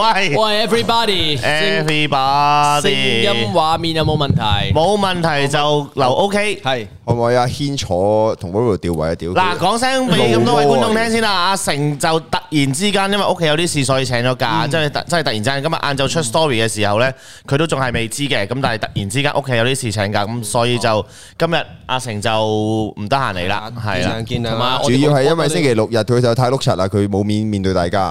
喂喂，everybody，everybody，聲音畫面有冇問題？冇問題就留，OK，係可唔可以阿軒坐同 Willie 調位啊？調嗱，講聲俾咁多位觀眾聽先啦。阿成就突然之間因為屋企有啲事，所以請咗假，即係突，即係突然之間今日晏晝出 story 嘅時候咧，佢都仲係未知嘅。咁但係突然之間屋企有啲事請假，咁所以就今日阿成就唔得閒嚟啦。係，主要係因為星期六日佢就太碌柒啦，佢冇面面對大家。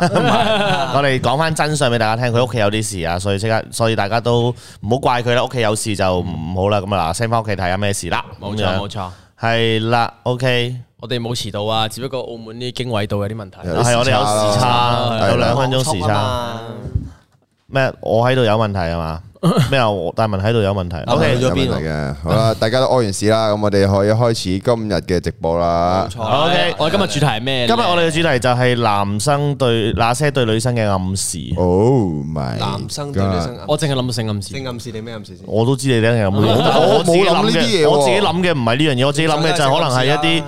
我哋講翻真。上俾大家聽，佢屋企有啲事啊，所以即刻，所以大家都唔好怪佢啦，屋企有事就唔好啦。咁啊嗱，send 翻屋企睇下咩事啦。冇錯，冇錯，係啦。OK，我哋冇遲到啊，只不過澳門啲經緯度有啲問題，係我哋有時差，有兩分鐘時差。咩對？對我喺度有問題係嘛？咩啊？大文喺度有問題。O K，去咗邊？好啦，大家都屙完事啦，咁我哋可以開始今日嘅直播啦。O K，我哋今日主題係咩？今日我哋嘅主題就係男生對那些對女生嘅暗示。哦，唔係，男生對女生暗示，我淨係諗到性暗示。性暗示定咩暗示？我都知你哋，我冇諗呢啲嘢，我自己諗嘅唔係呢樣嘢，我自己諗嘅就係可能係一啲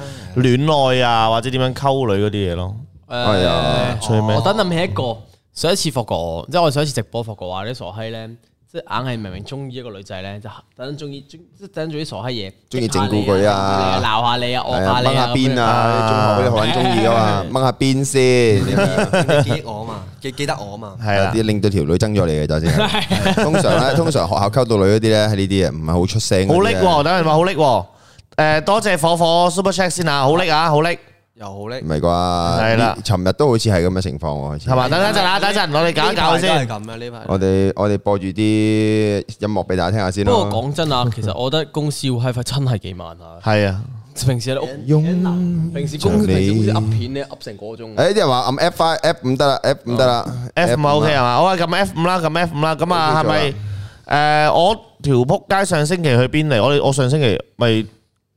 戀愛啊，或者點樣溝女嗰啲嘢咯。誒，係啊，我等諗起一個，上一次發覺，即係我哋上一次直播發覺話你傻閪咧。即係硬係明明中意一個女仔咧，就等中意，即係等做啲傻閪嘢，中意整蠱佢啊，鬧下你啊，惡下你啊，掹下邊啊，啲中學嗰啲可以中意噶嘛，掹下邊先，記憶我啊嘛，記記得我啊嘛，啲令到條女憎咗你嘅就先，通常咧，通常學校溝到女嗰啲咧係呢啲嘢，唔係好出聲。好叻喎，等佢話好叻喎，誒多謝火火 Super Check 先啊，好叻啊，好叻。又好叻，唔係啩？係啦，尋日都好似係咁嘅情況喎。係嘛？等等陣啦，等一陣，我哋搞一搞先。都係咁啊，呢排。我哋我哋播住啲音樂俾大家聽下先咯。不過講真啊，其實我覺得公司會 high 翻，真係幾慢下。係啊，平時喺屋平時公平時公司噏片咧，噏成個鐘。誒，啲人話噏 F five F 五得啦，F 五得啦，F 五係 OK 係嘛？好啊，撳 F 五啦，撳 F 五啦，咁啊係咪？誒，我條撲街上星期去邊嚟？我哋我上星期咪。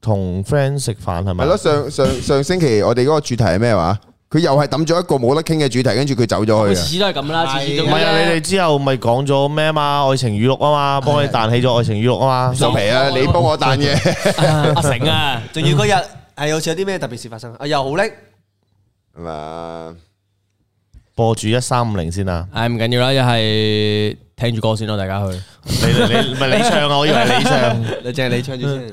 同 friend 食飯係咪？係咯，上上上星期我哋嗰個主題係咩話？佢又係抌咗一個冇得傾嘅主題，跟住佢走咗去。次次都係咁啦，次次都唔係你哋之後咪講咗咩啊嘛？愛情語錄啊嘛，幫你彈起咗愛情語錄啊嘛。收皮啦，你幫我彈嘢。阿成啊，仲要嗰日係好似有啲咩特別事發生啊？又好叻。嗱，播住一三五零先啦。係唔緊要啦，又係聽住歌先咯，大家去。你你咪你唱啊，我以為你唱，你淨係你唱住先。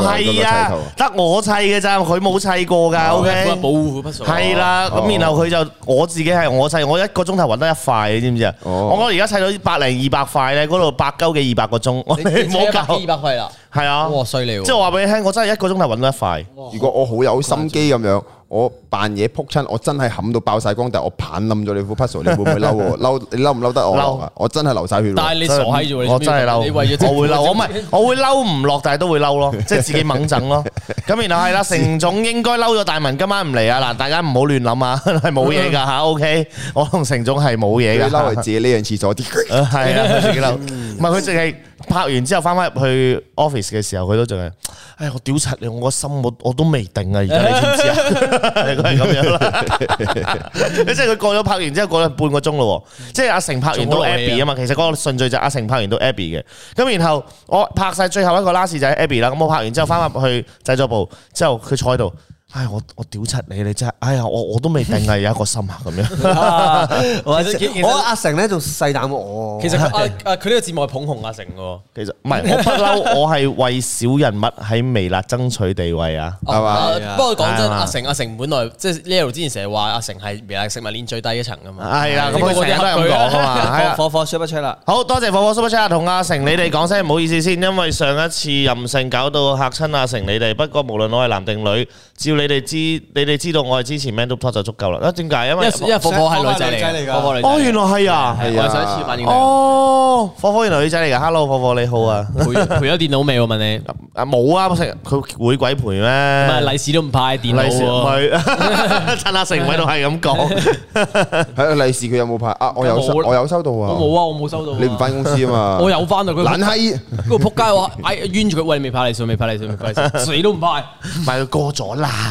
係啊，得我砌嘅咋，佢冇砌過噶。O K，係啦，咁、啊、然後佢就、oh. 我自己係我砌，我一個鐘頭搵得一塊，你知唔知啊？我覺得而家砌到百零二百塊咧，嗰度百鳩嘅二百個鐘，你我冇百幾二百塊啦？係啊，哇衰、啊、即係我話俾你聽，我真係一個鐘頭搵得一塊。如果我好有心機咁樣，我。扮嘢撲親，我真係冚到爆曬光，但係我棒冧咗你副 passport，你會唔會嬲？嬲你嬲唔嬲得我？我真係流曬血。但係你傻閪咗，我真係嬲。我會嬲，我唔係，我會嬲唔落，但係都會嬲咯，即係自己猛整咯。咁然後係啦，成總應該嬲咗大文今晚唔嚟啊！嗱，大家唔好亂諗啊，係冇嘢㗎嚇。OK，我同成總係冇嘢㗎，嬲自己呢樣廁所啲嘢。係啊，佢自己嬲，唔係佢淨係拍完之後翻返入去 office 嘅時候，佢都淨係，哎呀我屌柒你，我個心我我都未定啊，而家你知唔知啊？係咁樣啦，即係佢過咗拍完之後過咗半個鐘咯，即係阿成拍完到 Abby 啊嘛，其實嗰個順序就阿成拍完到 Abby 嘅，咁然後我拍晒最後一個 last 就係 Abby 啦，咁我拍完之後翻翻去製作部，嗯、之後佢坐喺度。唉，我我屌柒你，你真係，哎呀，我我都未定啊，有一個心啊，咁樣。我阿成咧仲細膽喎。其實阿阿佢呢個節目係捧紅阿成嘅。其實唔係，我不嬲，我係為小人物喺微辣爭取地位啊，係嘛？不過講真，阿成阿成本來即係 Leo 之前成日話阿成係微辣食物鏈最低一層噶嘛。係啦，咁佢成日都咁講噶嘛。火火 super chat 啦，好多謝火火 super chat 同阿成你哋講聲唔好意思先，因為上一次任性搞到嚇親阿成你哋。不過無論我係男定女，照。你哋知，你哋知道我係之前 m e n t a l 就足夠啦。啊，點解？因為因為火火係女仔嚟，火哦，原來係啊，係啊，類似反應。哦，火火係女仔嚟噶。Hello，火火你好啊。賠賠咗電腦未？我問你冇啊，冇成，佢會鬼陪咩？唔係利是都唔派電腦。陳阿成咪都係咁講。係啊，利是佢有冇派啊？我有收，我有收到啊。我冇啊，我冇收到。你唔翻公司啊嘛？我有翻啊，佢懶閪，嗰個扑街話，哎，冤住佢，喂，未派利是未派利是未派，死都唔派，佢過咗啦。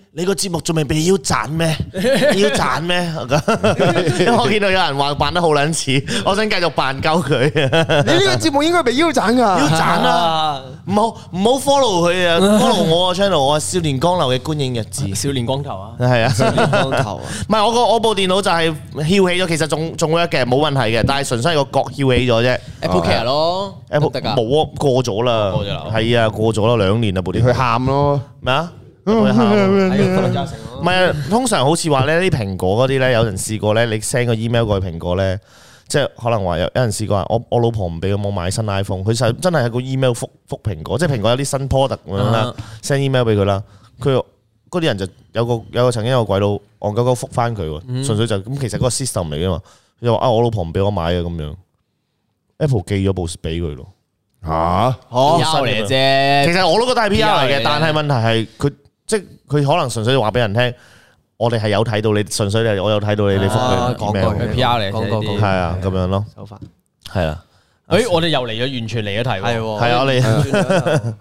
你個節目仲未被腰斬咩？腰斬咩？我見到有人話扮得好撚似，我想繼續扮鳩佢。你呢個節目應該被腰斬噶，腰斬啊？唔好唔好 follow 佢啊，follow 我 channel，我少年光流嘅觀影日誌。少年光頭啊，係啊，少年光頭啊，唔係我個我部電腦就係翹起咗，其實仲仲 work 嘅，冇問題嘅，但係純粹個角翹起咗啫。AppleCare 咯，Apple 得噶，冇啊，過咗啦，係啊，過咗啦，兩年啦部電，佢喊咯咩啊？唔係啊，通常好似話咧啲蘋果嗰啲咧，有人試過咧，你 send 個 email 過去蘋果咧，即係可能話有有人試過，我我老婆唔俾我買新 iPhone，佢就真係喺個 email 覆覆蘋果，即係蘋果有啲新 product 咁樣啦，send email 俾佢啦，佢嗰啲人就有個有個曾經有個鬼佬戇鳩鳩覆翻佢，純粹就咁，其實嗰個 system 嚟噶嘛，佢就話啊我老婆唔俾我買啊咁樣，Apple 寄咗部俾佢咯，吓，P.R. 嚟啫，其實我都個大 P.R. 嚟嘅，但係問題係佢。即係佢可能純粹話俾人聽，我哋係有睇到你，純粹係我有睇到你，你封佢 P.R. 嚟，係啊，咁樣咯，手法係啦。誒，我哋又嚟咗，完全嚟咗題喎。係啊，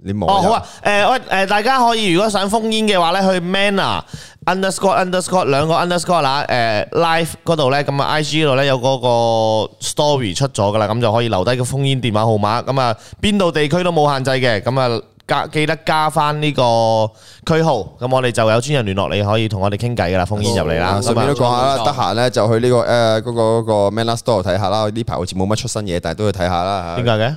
你哦好啊。誒，喂，誒，大家可以如果想封煙嘅話咧，去 Man 啊，underscore，underscore 兩個 underscore 啦。誒，live 嗰度咧，咁啊，I.G. 度咧有嗰個 story 出咗噶啦，咁就可以留低個封煙電話號碼。咁啊，邊度地區都冇限制嘅。咁啊。加記得加翻呢個區號，咁我哋就有專人聯絡你，可以同我哋傾偈噶啦，烽煙入嚟啦。順便都講下啦，得閒咧就去呢、這個誒嗰、那個嗰個 Men’s Store 睇下啦。呢排好似冇乜出新嘢，但係都要睇下啦。點解嘅？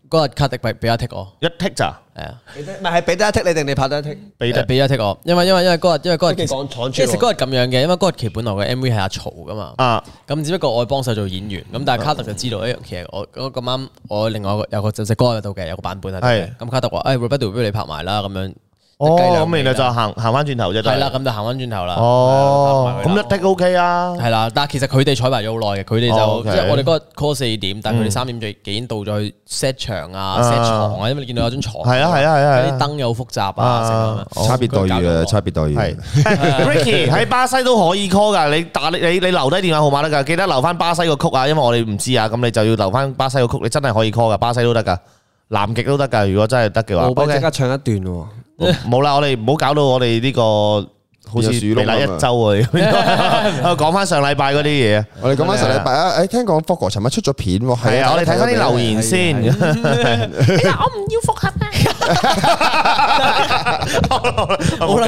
嗰日卡迪俾俾一剔我，一剔咋？係啊，唔係係俾得一剔你定你拍得一剔？俾得俾一剔我， 因為因為因為嗰日因為嗰日其實嗰日咁樣嘅，因為嗰日其本來嘅 MV 係阿曹噶嘛，咁、啊、只不過我幫手做演員，咁、嗯、但係卡特就知道，嗯欸、其實我我咁啱我另外個有個正式歌有到嘅有，個，有個版本係，咁卡特話誒，不、欸、如不如你拍埋啦咁樣。.咁然後就行行翻轉頭啫，係啦，咁就行翻轉頭啦。哦，咁一 take OK 啊，係啦。但係其實佢哋彩排咗好耐嘅，佢哋就即係我哋嗰個 call 四點，但係佢哋三點就已經到咗去 set 場啊、set 牀啊，因為你見到有張床，係啊係啊係啊，啲燈又好複雜啊，差別待遇啊。差別待遇。係，Ricky 喺巴西都可以 call 噶，你打你你留低電話號碼得㗎，記得留翻巴西個曲啊，因為我哋唔知啊，咁你就要留翻巴西個曲，你真係可以 call 噶，巴西都得噶，南極都得噶，如果真係得嘅話，我幫即刻唱一段。冇啦，我哋唔好搞到我哋呢個好似未嚟一周啊！講翻上禮拜嗰啲嘢啊，我哋講翻上禮拜啊，誒，聽講 Faker 尋晚出咗片喎，係啊，我哋睇翻啲留言先。哎呀，我唔要復合啊！冇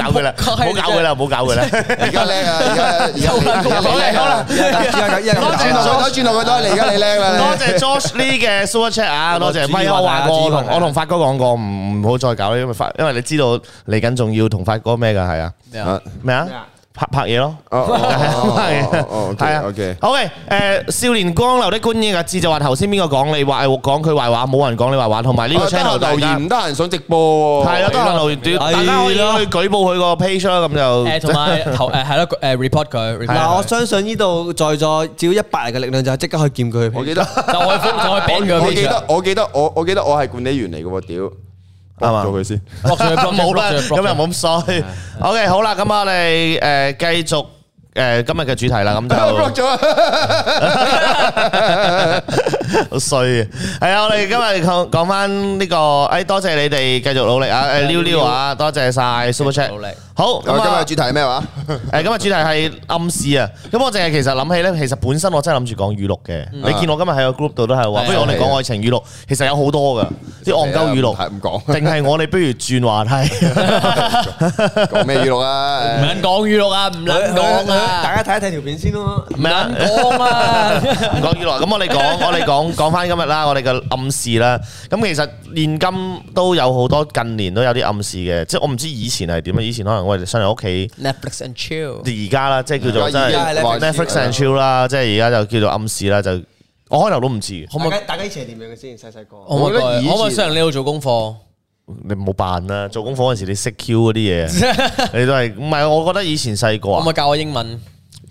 搞佢啦，好搞佢啦，唔好搞佢啦。而家叻啊，而家好家叻啊，多謝，多轉頭，多轉頭佢多而家你叻啦，多謝 Josh Lee 嘅 Super Chat 啊，多謝。唔係我話過，我同發哥講過，唔好再搞，因為發，因為你知道嚟緊仲要同發哥咩噶，係啊，咩啊？拍拍嘢咯，係啊，係啊，係啊，OK，OK，好嘅，誒，少年光流的觀影日誌就話頭先邊個講，你話誒講佢壞話，冇人講你壞話，同埋呢個 channel 留言唔得閒想直播，係咯，啲留言，大家可以舉報佢個 page 啦，咁就誒同埋頭誒係咯，誒 report 佢。嗱，我相信呢度在座只要一百人嘅力量就係即刻可以見佢。我記得就可以封，就去閉佢 page。我記得，我記得，我我記得我係管理員嚟嘅喎，屌！係嘛？咁又冇咁衰。OK，好啦，咁我哋誒繼續誒今日嘅主題啦。咁就好衰啊！係啊，我哋今日講講翻呢個。誒，多謝你哋繼續努力啊！誒，Liu Liu 啊，多謝晒 Super Chat 努力。好咁啊！今日主題係咩話？誒，今日主題係暗示啊！咁我淨係其實諗起咧，其實本身我真係諗住講語錄嘅。你見我今日喺個 group 度都係話，不如我哋講愛情語錄，其實有好多噶啲戇鳩語錄係唔講，定係我哋不如轉話題講咩語錄啊？唔講語錄啊？唔論講啊！大家睇一睇條片先咯。咩啊？唔講啦，唔講語錄。咁我哋講，我哋講講翻今日啦，我哋嘅暗示啦。咁其實現今都有好多近年都有啲暗示嘅，即係我唔知以前係點啊？以前可能。我哋上嚟屋企，Netflix and chill，而家啦，即係叫做即係 Netflix and chill 啦，即係而家就叫做暗示啦。就我開頭都唔知，可唔可以大家一齊點樣嘅先？細細個，可唔可以上嚟呢度做功課？你冇辦啦，做功課嗰時你識 Q 嗰啲嘢，你都係唔係？我覺得以前細個，可唔可以教我英文？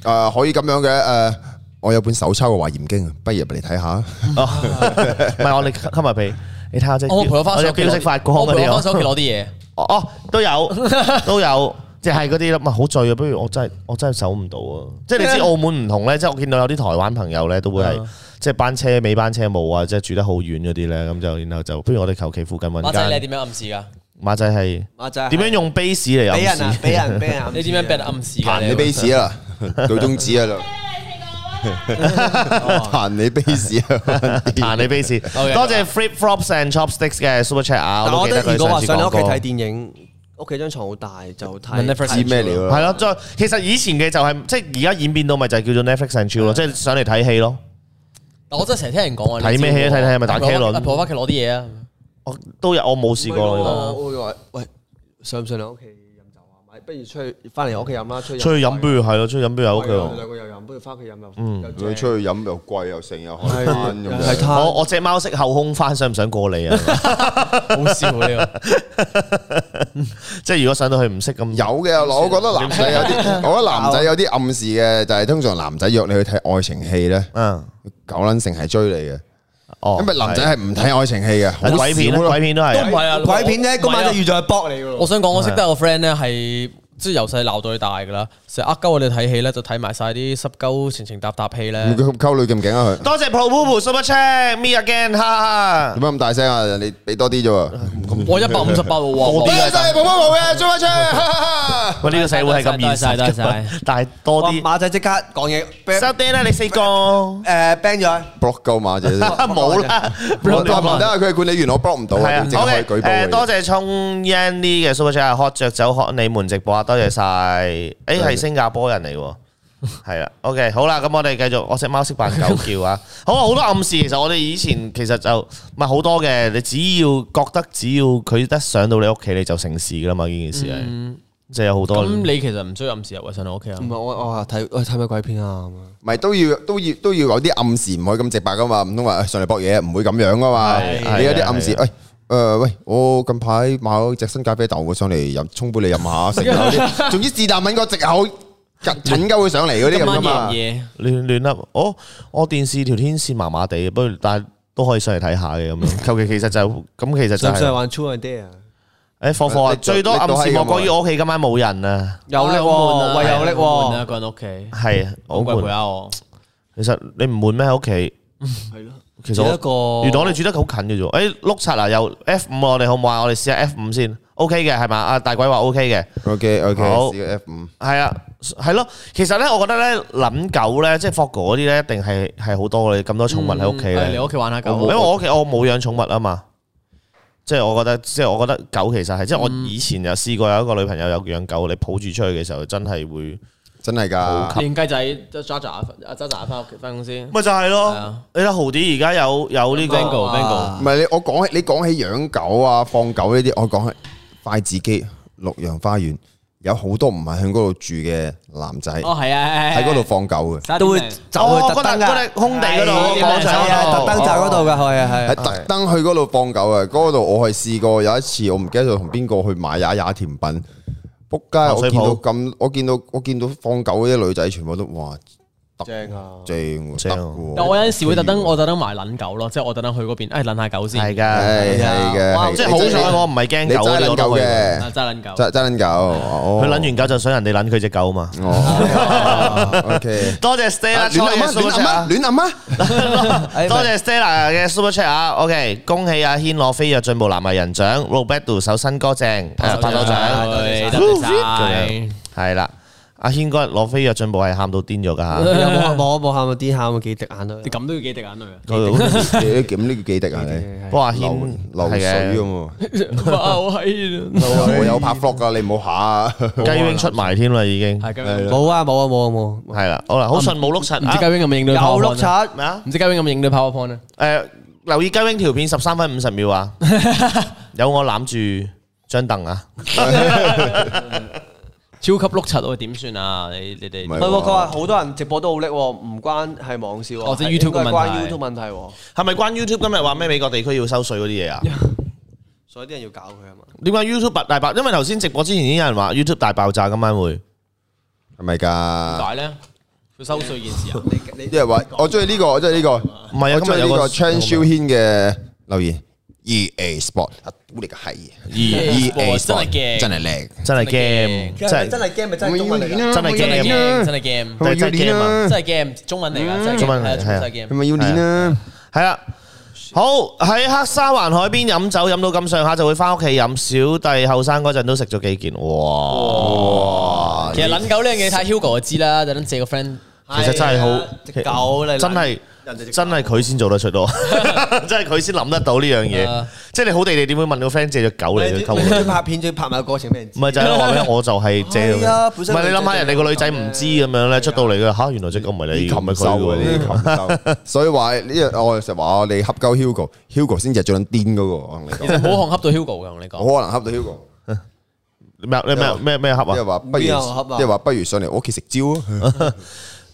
誒，可以咁樣嘅。誒，我有本手抄嘅《華嚴經》，不如嚟睇下。唔係，我哋吸埋畀你睇下先。我陪我花手，我休息翻個，陪我花手，我攞啲嘢。 哦，都有都有即係嗰啲啦，好、就是嗯、醉啊！不如我真係我真係守唔到啊！即係你知澳門唔同咧，即係我見到有啲台灣朋友咧，都會係 即係班車尾班車冇啊！即係住得好遠嗰啲咧，咁就然後就不如我哋求其附近揾。馬仔你點樣暗示啊？馬仔係馬仔點樣用 base 嚟暗示？俾人俾人俾人，你點樣俾人暗示噶？彈你 base 啊！舉中指啊！ 彈你 base 啊！彈你 base！多謝 Flip Flops and Chopsticks 嘅 Super Chat 啊！我覺得如果話上咗屋企睇電影，屋企張床好大就睇 Netflix 咩料？係咯，再其實以前嘅就係即係而家演變到咪就係叫做 Netflix and Chill 咯，即係上嚟睇戲咯。但係我真係成日聽人講啊，睇咩戲啊？睇睇係咪打茄輪咯？我翻屋企攞啲嘢啊！我都入，我冇試過呢個。喂喂，上唔上嚟屋企？不如出去翻嚟我屋企飲啦，出去出去飲不如，係咯，出去飲不如屋企咯。兩個又飲不如，翻屋企飲又。嗯，你出去飲又貴又成日開心。太，我我隻貓識後空翻，想唔想過你啊？好笑呢個，即係如果上到去唔識咁。有嘅嗱，我覺得男仔有啲，我覺得男仔有啲暗示嘅，就係通常男仔約你去睇愛情戲咧，嗯，九撚成係追你嘅。因為男仔係唔睇愛情戲嘅，的好多鬼片，都係唔係啊，鬼片啫，嗰晚都預咗係搏你嘅。我想講，我識得個 friend 咧係。即係由細鬧到你大噶啦成日呃鳩我哋睇戲咧，就睇埋晒啲濕鳩情情搭搭戲咧。溝女勁唔勁啊佢？多謝 Popo Super Chat，Me Again 哈。點解咁大聲啊？你俾多啲啫喎。我一百五十八喎。多謝 Popo 嘅 Super Chat。我呢個社會係咁現實嘅，但係多啲。馬仔即刻講嘢。收爹啦你四個。誒，ban 咗。block 夠馬仔。冇啦。唔得啊，佢係管理員，我 block 唔到啊。好嘅。多謝沖 Yan Lee 嘅 Super Chat，喝著酒喝你們直播多。多謝晒，誒係新加坡人嚟喎，係啦，OK，好啦，咁我哋繼續，我隻貓識扮狗叫啊，好啊，好多暗示，其實我哋以前其實就唔係好多嘅，你只要覺得只要佢一上到你屋企，你就成事噶啦嘛，呢件事係，即係有好多。咁你其實唔需要暗示啊，喂，上嚟我屋企啊，唔係我我睇喂睇咩鬼片啊，唔係都要都要都要有啲暗示，唔可以咁直白噶嘛，唔通話上嚟博嘢，唔會咁樣噶嘛，你有啲暗示，誒。誒，喂，我近排買咗隻新咖啡豆，會上嚟飲，沖杯你飲下，食下啲。總之是但搵個借口，趁鳩佢上嚟嗰啲咁啊嘛。亂亂啊！我我電視條天線麻麻地，不過但係都可以上嚟睇下嘅咁樣。求其其實就咁，其實就係玩粗人啲啊！誒，火火啊！最多暗時莫過於我屋企今晚冇人啊！有力好悶，為有力好悶啊！一個人屋企係啊，好攰陪下我。其實你唔悶咩？喺屋企係咯。其實我一個，月島你住得好近嘅啫。誒、欸，碌柒啊，又 F 五我哋好唔好啊？好我哋試下 F 五先，OK 嘅係嘛？啊大鬼話 OK 嘅，OK OK 好試，F 五係啊係咯、啊。其實咧，我覺得咧，諗狗咧，即係霍 o 嗰啲咧，一定係係好多嘅。咁多寵物喺屋企咧，你屋企、嗯啊、玩下狗？因為我屋企我冇養寵物啊嘛。即係我,我覺得，即、就、係、是、我覺得狗其實係，即係、嗯、我以前有試過有一個女朋友有養狗，你抱住出去嘅時候，真係會。真係噶，連雞仔都揸揸阿阿揸揸翻屋企翻公司，咪就係咯。你睇豪啲而家有有啲 vango vango，唔係你我講起你講起養狗啊放狗呢啲，我講起筷子基綠楊花園有好多唔係喺嗰度住嘅男仔，哦係啊，喺嗰度放狗嘅，都會走啊嗰粒空地嗰度特登走嗰度噶，係啊係，喺特登去嗰度放狗啊！嗰度我係試過有一次，我唔記得就同邊個去買呀呀甜品。仆街！我見到咁，我見到我見到放狗嗰啲女仔，全部都哇！正啊，正正！我有陣時會特登，我特登埋捻狗咯，即係我特登去嗰邊，哎，捻下狗先。係噶，係噶，即係好彩我唔係驚狗嘅，真捻狗，真真捻狗。佢捻完狗就想人哋捻佢隻狗嘛。哦，OK，多謝 Stella，亂諗亂諗啊！多謝 Stella 嘅 Super Chat，OK，恭喜阿軒攞飛躍進步男藝人獎，Robert Do 首新歌正，拍手掌，多謝晒，係啦。阿軒嗰日攞飛躍進步係喊到癲咗噶吓，搏下搏下搏下，癲喊到幾滴眼淚，你咁都要幾滴眼淚？咁呢叫幾滴啊？不過阿軒流水咁啊，又係，我有拍伏噶，你唔好吓啊！雞 wing 出埋添啦，已經係，冇啊，冇啊，冇冇，係啦，好啦，好順冇碌柒，唔知雞 wing 有冇影到跑 point？有碌柒咩啊？唔知雞 wing 有冇影到跑 point 咧？誒，留意雞 wing 條片十三分五十秒啊，有我攬住張凳啊。超級碌柒喎，點算啊？你你哋唔係佢話好多人直播都好叻喎，唔關係網少啊，或者、哦、YouTube 嘅問題，係咪關 YouTube？今日話咩美國地區要收稅嗰啲嘢啊？ 所以啲人要搞佢啊嘛？點解 YouTube 大爆？因為頭先直播之前已經有人話 YouTube 大爆炸，今晚會係咪㗎？但係咧，要收稅件事啊，即係話我中意呢個，我中意呢個，唔係有咩有個陳秀軒嘅留言。EA Sport，阿杜嚟噶係，EA Sport 真係 game，真係叻，真係 game，真真係 game，咪真係中文啊，真係 game，真係 game，咪要練啊，真係 game，中文嚟噶，係啊，中文真係 game，咪要練啊，係啦，好喺黑沙環海邊飲酒飲到咁上下就會返屋企飲，小弟後生嗰陣都食咗幾件，哇，其實撚狗呢樣嘢睇 Hugo 就知啦，等陣借個 friend，其實真係好狗嚟，真係。真係佢先做得出咯，真係佢先諗得到呢樣嘢。即係你好地地，你點會問個 friend 借隻狗嚟去溝？拍片最拍埋個過程咩？唔係就係咧，我就係借。唔係你諗下人哋個女仔唔知咁樣咧，出到嚟嘅吓，原來隻狗唔係你溝嘅。所以話呢樣，我成日話你恰鳩 Hugo，Hugo 先至係最癲嗰個。唔好可能恰到 Hugo，我同你講。好可能恰到 Hugo，咩咩咩咩恰啊？即係話不如，即係話不如上嚟我屋企食蕉。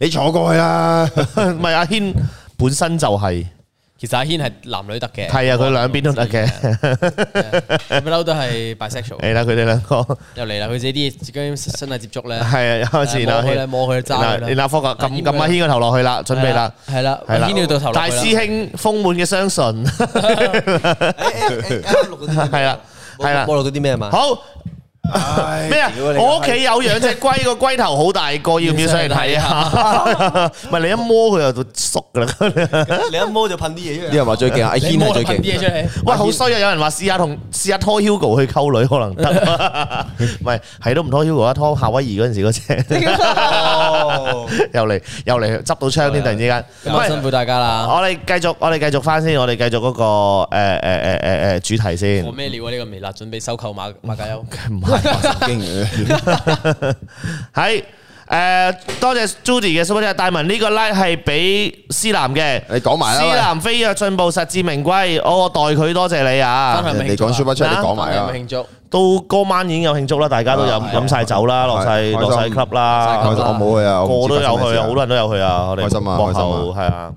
你坐過去啦，唔係阿軒本身就係，其實阿軒係男女得嘅，係啊，佢兩邊都得嘅，不嬲都係 bisexual。係啦，佢哋兩個又嚟啦，佢自己啲自己身體接觸咧，係啊，開始啦，摸佢揸佢，你嗱科咁撳下阿軒個頭落去啦，準備啦，係啦，係啦，軒要到頭啦，大師兄豐滿嘅雙唇，係啦係啦，摸到啲咩嘛？好。咩啊？我屋企有養隻龜，個龜頭好大個，要唔要上嚟睇啊？唔係你一摸佢就縮噶啦，你一摸就噴啲嘢。啲人話最勁阿謙，最勁。喂，好衰啊！有人話試下同試下拖 Hugo 去溝女，可能得。唔係，係都唔拖 Hugo，一拖夏威夷嗰陣時嗰隻，又嚟又嚟執到槍添，突然之間。辛苦大家啦！我哋繼續，我哋繼續翻先，我哋繼續嗰個誒誒誒誒誒主題先。冇咩料啊？呢個微辣準備收購馬馬家騮。震驚！喺誒，多謝 Judy 嘅 Super Chat，大文呢個 like 係俾思南嘅，你講埋啦。思南飛躍進步實至名歸，我代佢多謝你啊！你講 Super Chat，你講埋啦。有冇慶祝？到今晚已經有慶祝啦，大家都有飲晒酒啦，落晒落晒 club 啦。我冇去啊，我都有去啊，好多人都有去啊。我哋開心啊，開心啊，係啊。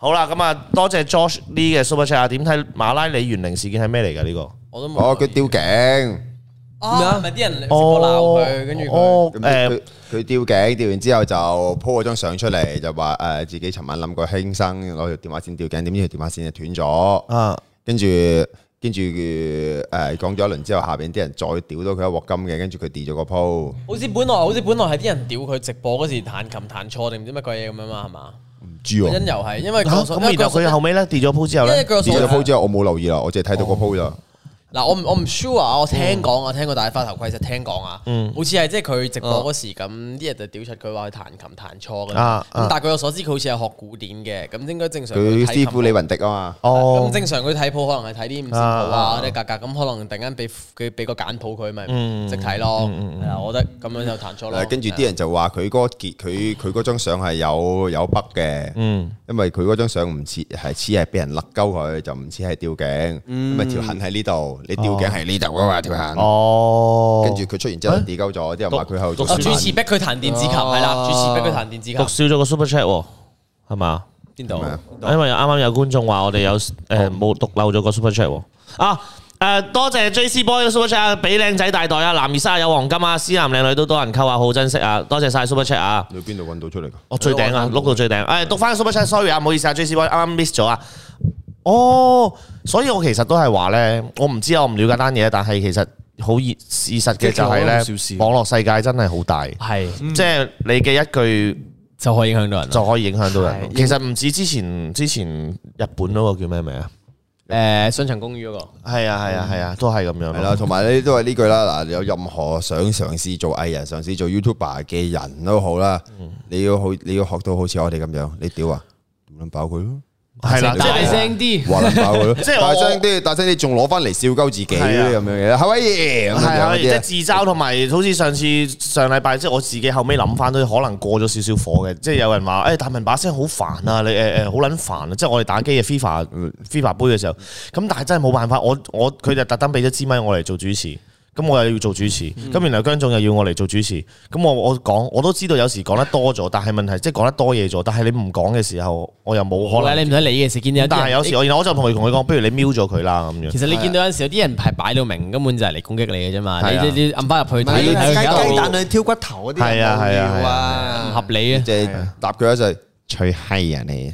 好啦，咁啊，多謝 Josh Lee 嘅 Super Chat 啊，點睇馬拉里園林事件係咩嚟噶？呢個我都冇，佢吊頸。啊！咪啲人嚟播鬧佢，跟住佢佢吊頸吊完之後就 po 咗張相出嚟，就話誒自己尋晚諗過輕生，攞條電話線吊頸，點知條電話線就斷咗。啊！跟住跟住誒講咗一輪之後，下邊啲人再屌到佢一鑊金嘅，跟住佢跌咗個 po 好似本來好似本來係啲人屌佢直播嗰時彈琴彈錯定唔知乜鬼嘢咁樣嘛，係嘛？唔知喎。因由係因為咁錯，因佢後尾咧跌咗 po 之後咧跌咗 po 之後，我冇留意啦，我就睇到個 po 咋。嗱，我唔我唔 sure 啊，我聽講啊，聽過，大係發頭盔就聽講啊，好似係即係佢直播嗰時咁，啲人就屌出佢話佢彈琴彈錯嘅、啊，啊，但係據我所知佢好似係學古典嘅，咁應該正常。佢師傅李雲迪啊嘛，哦，咁正常佢睇譜可能係睇啲五線譜啊啲、啊、格格，咁可能突然間俾佢俾個簡譜佢咪唔識睇咯，係、嗯嗯啊、我覺得咁樣就彈錯啦。跟住啲人就話佢嗰個佢佢嗰張相係有有筆嘅，嗯、因為佢嗰張相唔似係似係俾人勒鳩佢，就唔似係吊頸，咁咪、嗯、條痕喺呢度。你吊頸係呢度嘅嘛？條眼、啊，哦、跟住佢出現之後地鳩咗，啲人話佢後面。主、啊、持逼佢彈電子琴，係、啊、啦，主持逼佢彈電子琴。讀少咗個 super chat 喎，係嘛裡？邊度？因為啱啱有觀眾話我哋有誒冇好、呃、讀漏咗個 super chat 啊誒、呃，多謝 J C Boy 嘅 super chat，俾靚仔大袋啊！男二卅有黃金啊！師男靚女都多人溝啊，好珍惜啊！多謝晒 super chat 啊！你邊度揾到出嚟㗎？我、哦、最頂啊，碌到，、啊、到最頂。誒、哎，讀翻 super chat，sorry 啊，唔好意思啊，J C Boy 啱啱 miss 咗啊。哦，所以我其實都係話呢。我唔知我唔了解單嘢，但係其實好事實嘅就係、是、呢。網絡世界真係好大，係即係你嘅一句就可以影響到人，就可以影響到人。是其實唔止之前之前日本嗰個叫咩名、嗯、啊？誒，雙層公寓嗰個係啊係啊係啊，啊啊嗯、都係咁樣。係啦、啊，同埋呢都係呢句啦。嗱，有任何想嘗試做藝人、嘗試做 YouTuber 嘅人都好啦，你要好你要學到好似我哋咁樣，你屌啊，唔撚爆佢。係啦，大聲啲，話即係大聲啲，大聲啲仲攞翻嚟笑鳩自己咁、啊、樣嘢，係咪係即係自嘲同埋，好似上次上禮拜，即係我自己後尾諗翻都可能過咗少少火嘅，即係有人話，誒、欸，大文把聲好煩啊，你誒誒好撚煩啊，即係我哋打機嘅 FIFA FIFA 杯嘅時候，咁但係真係冇辦法，我我佢就特登俾咗支咪我嚟做主持。咁我又要做主持，咁原來姜總又要我嚟做主持，咁我我講，我都知道有時講得多咗，但係問題即係講得多嘢咗，但係你唔講嘅時候，我又冇可能。你唔使理嘅事，有人但係有時我，然後、嗯、我就同佢同佢講，不如你瞄咗佢啦咁樣。其實你見到有陣時對 有啲人係擺到明，根本就係嚟攻擊你嘅啫嘛。對 你你按翻入去睇。雞雞是蛋去挑骨頭嗰啲係啊係啊唔合理啊，即係答佢一劑。吹閪人你，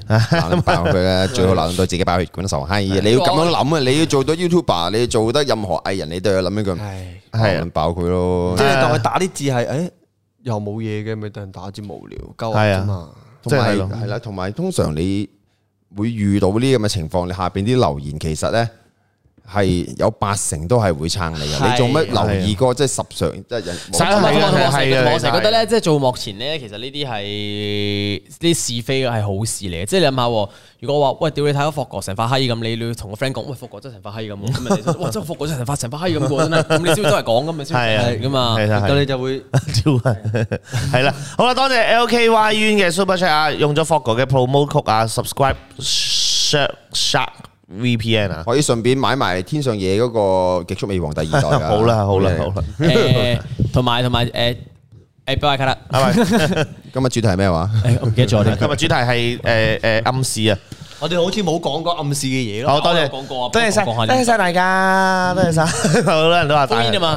爆佢啦！最好鬧到自己爆血管得受閪。你要咁樣諗啊！你要做到 YouTuber，你要做得任何藝人，你都要諗一句，係啊，爆佢咯。的哎、即係當佢打啲字係，誒、哎，又冇嘢嘅，咪得人打字無聊，夠係啊嘛。即係係啦，同埋通常你會遇到呢咁嘅情況，你下邊啲留言其實咧。係有八成都係會撐你嘅，是啊、你做乜留意過個即係十常，即係人？係係我成日覺得咧，即係對啦 做幕前咧，其實呢啲係啲是非嘅係好事嚟嘅。即、就、係、是、你諗下，如果話喂屌你睇到霍國成發閪咁，你、哎、你同個 friend 講喂霍國真成發閪咁，哇真霍國真成發成把閪咁嘅真係，咁 你先會多人講㗎嘛？係啊，㗎嘛，咁你就會超係 對啦， 啦。好啦，多謝，謝 l k y u 嘅 Super Chat 用咗霍國嘅 promo code 啊，subscribe share share。VPN 啊，可以順便買埋天上嘢，嗰個極速美皇第二代噶。好啦，好啦，好啦。同埋同埋誒誒，拜拜卡啦。今日主題係咩話？我唔記得咗。今日主題係誒誒，暗示啊。我哋好似冇講過暗示嘅嘢咯。好多謝，多謝晒，多謝晒大家，多謝晒。好多人都話打煙啊嘛。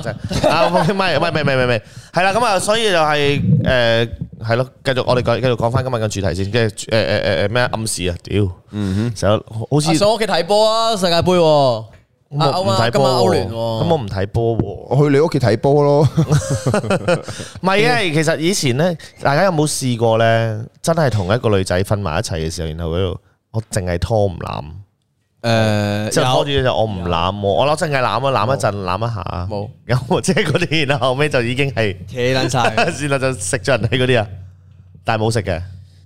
啊，唔係，唔係，唔係，唔係，係啦。咁啊，所以就係誒，係咯。繼續我哋講，繼續講翻今日嘅主題先。即係誒誒誒誒咩暗示啊？屌，嗯哼，成日好似上我屋企睇波啊！世界杯，啊，唔睇波，今晚歐聯，咁我唔睇波。去你屋企睇波咯。唔係啊，其實以前咧，大家有冇試過咧？真係同一個女仔瞓埋一齊嘅時候，然後喺度。我淨係拖唔攬，誒，即係拖住就我唔攬我，我攞，真係攬啊，攬一陣，攬一下，冇。即係嗰啲，然後後尾就已經係企爛晒，然後就食咗人哋嗰啲啊，但係冇食嘅。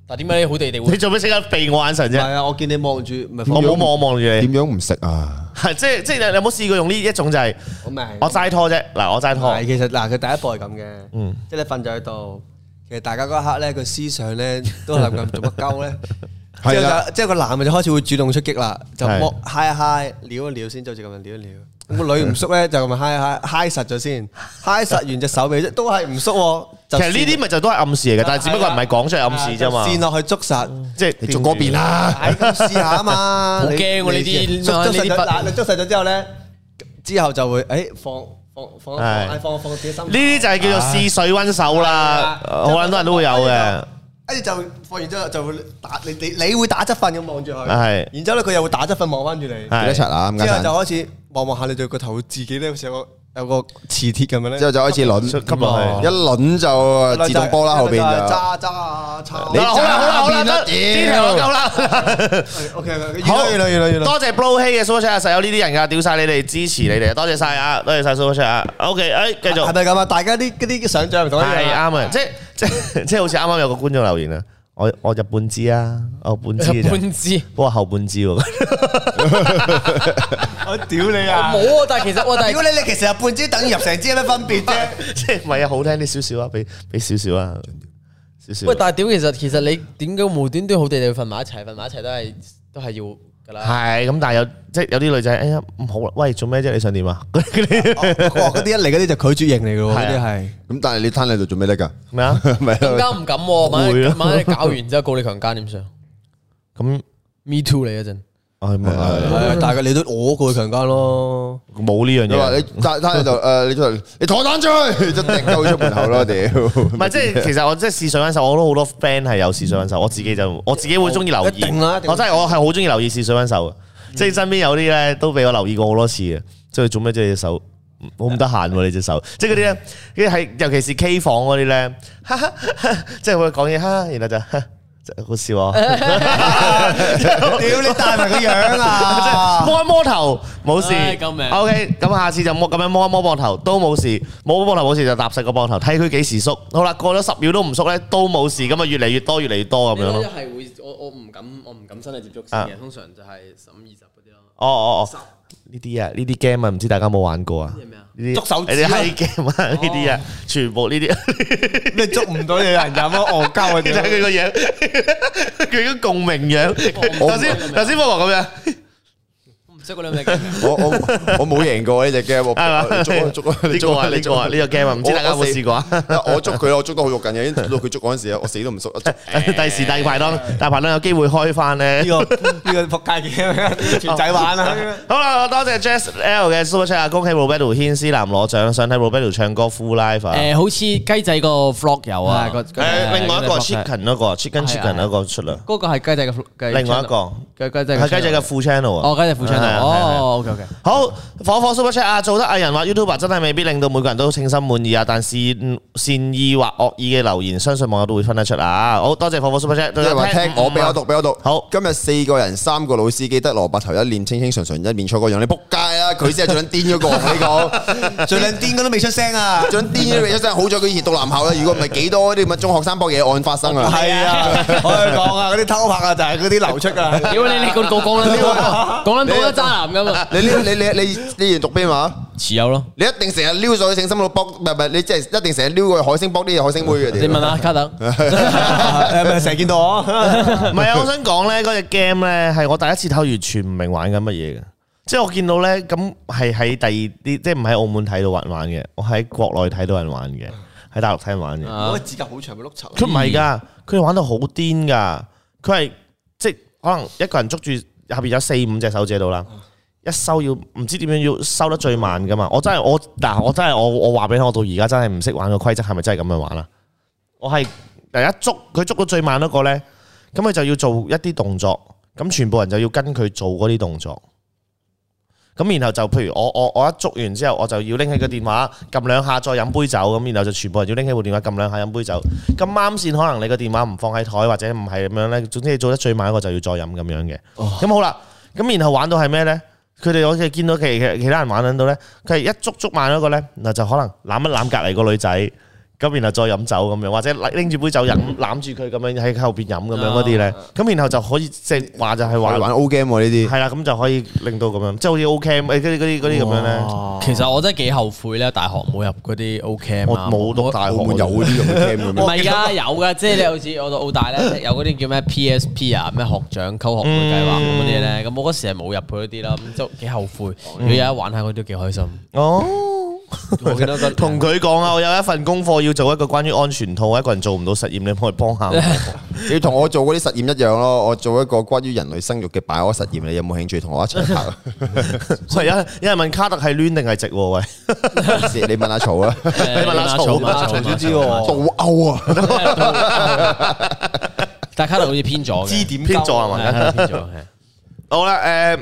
但係點解咧？好地地會？你做咩即刻避我眼神啫？唔係啊，我見你望住，唔係我冇望望住你，點樣唔食啊？即係即係，你有冇試過用呢一種就係我齋拖啫？嗱，我齋拖。其實嗱，佢第一步係咁嘅，即係你瞓咗喺度。其實大家嗰一刻咧，個思想咧都諗緊做乜鳩咧。即係就即係個男嘅就開始會主動出擊啦，就摸揩一揩，撩一撩先，做似咁樣撩一撩。咁個女唔縮咧，就咁樣嗨一嗨揩實咗先，嗨實完隻手臂啫，都係唔縮。其實呢啲咪就都係暗示嚟嘅，但係只不過唔係講出嚟暗示啫嘛。試落去捉實，即係捉嗰邊啦，試下啊嘛。好驚呢啲捉實咗之後咧，之後就會誒放放放放放自己心。呢啲就係叫做試水溫手啦，好撚多人都會有嘅。跟住就放完之後就會打你你你會打側瞓咁望住佢，係然之後咧佢又會打側瞓望翻住你，一齊之後就開始望望下你對個頭，自己咧成個。試試有個磁鐵咁樣咧，之後就開始輪，一輪就自動波啦，後邊就揸揸揸，你好啦好啦好啦，點夠啦，OK，好，多謝 Blow Hey 嘅 Super Show，實有呢啲人噶，屌晒你哋支持你哋，多謝晒啊，多謝晒 Super Show，OK，誒，繼續係咪咁啊？大家啲嗰啲想象係啱啊，即即即好似啱啱有個觀眾留言啊，我我半支啊，我半支半支，不過，後半支。我屌你啊！我冇啊，但係其實，但係如果你你其實有半支，等於入成支有咩分別啫？即係唔係啊？好聽啲少少啊，俾俾少少啊，少少喂！但係屌，其實其實你點解無端端好地地瞓埋一齊？瞓埋一齊都係都係要噶啦。係咁，但係有即係有啲女仔哎呀唔好啦！喂，做咩啫？你想點啊？嗰啲一嚟嗰啲就拒絕型嚟噶喎，係係。咁但係你攤喺度做咩得噶？咩啊？更加唔敢，會啊！萬一搞完之後，告你強姦點算？咁，me too 你一陣。係咪係？的但係你都我過去強姦咯，冇呢樣嘢。你但係就誒，你就你抬單出去，就掟鳩出門口咯。屌，唔係 即係，其實我即係試水溫手，我都好多 friend 係有試水溫手。我自己就我自己會中意留意。啊、我真係我係好中意留意試水溫手嘅，即係身邊有啲咧都俾我留意過好多次嘅。即係做咩？即係隻手好唔得閒喎？你隻手，即係嗰啲咧，啲係尤其是 K 房嗰啲咧，即係會講嘢，哈，然後就。哈哈好笑啊！屌 你大明個樣啊！摸一摸頭冇事，哎，救命！O K，咁下次就摸咁樣摸一摸膊頭都冇事，摸摸膊頭冇事就搭實個膊頭，睇佢幾時縮。好啦，過咗十秒都唔縮咧，都冇事。咁啊，越嚟越多，越嚟越多咁樣咯。係會，我我唔敢，我唔敢身體接觸先嘅。啊、通常就係十五二十嗰啲咯。哦哦哦。呢啲啊，呢啲 game 啊，唔知大家有冇玩過啊？呢啲些捉手指，呢啲閪 game 啊，呢啲啊，全部呢啲咩捉唔到嘅人就啊，戇鳩啊，你睇佢個樣，佢個共鳴樣，頭先頭先我話咁樣。 我我我冇贏過呢隻 game，捉捉你捉啊你捉啊呢個 game 啊，唔知大家有冇試過啊？我捉佢，我捉得好肉緊嘅，捉到佢捉嗰陣時，我死都唔熟。第時大排檔，大排檔有機會開翻咧。呢個呢個撲街嘅僆仔玩啊！好啦，多謝 Jazz L 嘅 Super Chat，恭喜 Roberto 軒斯南攞獎，想睇 Roberto 唱歌 Full Life。誒，好似雞仔個 Flock 有啊！另外一個 Chicken 嗰個 Chicken Chicken 嗰個出嚟。嗰個係雞仔嘅，另外一個係雞仔嘅副 channel 啊！哦，雞仔副 channel 哦、oh，OK OK，好，火火 Super Chat 啊，做得藝人話 YouTuber 真係未必令到每個人都稱心滿意啊，但善善意或惡意嘅留言，相信網友都會分得出啊，好多謝火火 Super Chat，都係話聽我俾我讀俾五我讀，我讀好，今日四個人三個老司機，得蘿蔔頭一面清清純純一面錯過，讓你撲街。佢先係最捻癲嗰個，你講最捻癲嗰都未出聲啊！最捻癲都未出聲，好彩佢以前讀男校啦。如果唔係，幾多啲咁嘅中學生剝嘢案發生啊！係啊，我講啊，嗰啲偷拍啊，就係嗰啲流出啊。屌你，你講講啦，講啦，講啦，渣男咁啊！你呢？你你你你而家讀邊嘛？持有咯。你一定成日溜上去聖心度剝，唔係唔係？你即係一定成日溜過去海星剝啲海星妹嘅。你問下卡登，唔係成日見到我？唔係啊！我想講咧，嗰隻 game 咧，係我第一次睇，完全唔明玩緊乜嘢嘅。即係我見到呢，咁係喺第二啲，即係唔喺澳門睇到玩玩嘅。我喺國內睇到人玩嘅，喺大陸睇人玩嘅。我個指甲好長嘅，碌巢、啊。佢唔係噶，佢玩到好癲噶。佢係即係可能一個人捉住下邊有四五隻手指喺度啦。一收要唔知點樣要收得最慢噶嘛？我真係我嗱，我真係我我話俾你，我到而家真係唔識玩個規則，係咪真係咁樣玩啦？我係第一捉佢捉到最慢嗰個呢，咁佢就要做一啲動作，咁全部人就要跟佢做嗰啲動作。咁然後就，譬如我我我一捉完之後，我就要拎起個電話撳兩下，再飲杯酒咁，然後就全部人要拎起部電話撳兩下飲杯酒。咁啱先可能你個電話唔放喺台，或者唔係咁樣咧，總之你做得最慢一個就要再飲咁樣嘅。咁好啦，咁然後玩到係咩咧？佢哋我似見到其其他人玩緊到咧，佢係一捉捉慢嗰個咧，嗱就可能攬一攬隔離個女仔。咁然後再飲酒咁樣，或者拎住杯酒飲攬住佢咁樣喺後邊飲咁樣嗰啲咧，咁然後就可以即係話就係玩 O camp 喎呢啲，係啦，咁就可以令到咁樣，即係好似 O camp 誒嗰啲嗰啲嗰啲咁樣咧。其實我真係幾後悔咧，大學冇入嗰啲 O camp 我冇讀大學，有呢啲 O camp 唔係啊，有噶，即係你好似我到澳大咧，有嗰啲叫咩 PSP 啊，咩學長溝學妹計劃嗰啲咧。咁我嗰時係冇入去嗰啲咯，咁就幾後悔。如果有一玩下，我都幾開心。哦。同佢講啊，我有一份功課要做一個關於安全套，我一個人做唔到實驗，你可以幫下我。你同我做嗰啲實驗一樣咯，我做一個關於人類生育嘅擺屋實驗，你有冇興趣同我一齊拍？係啊，有人問卡特係攣定係直？喂，你問阿曹啊，你問阿曹啊，曹少知做歐啊？但卡特好似偏咗，知點偏咗啊？嘛，好啦，誒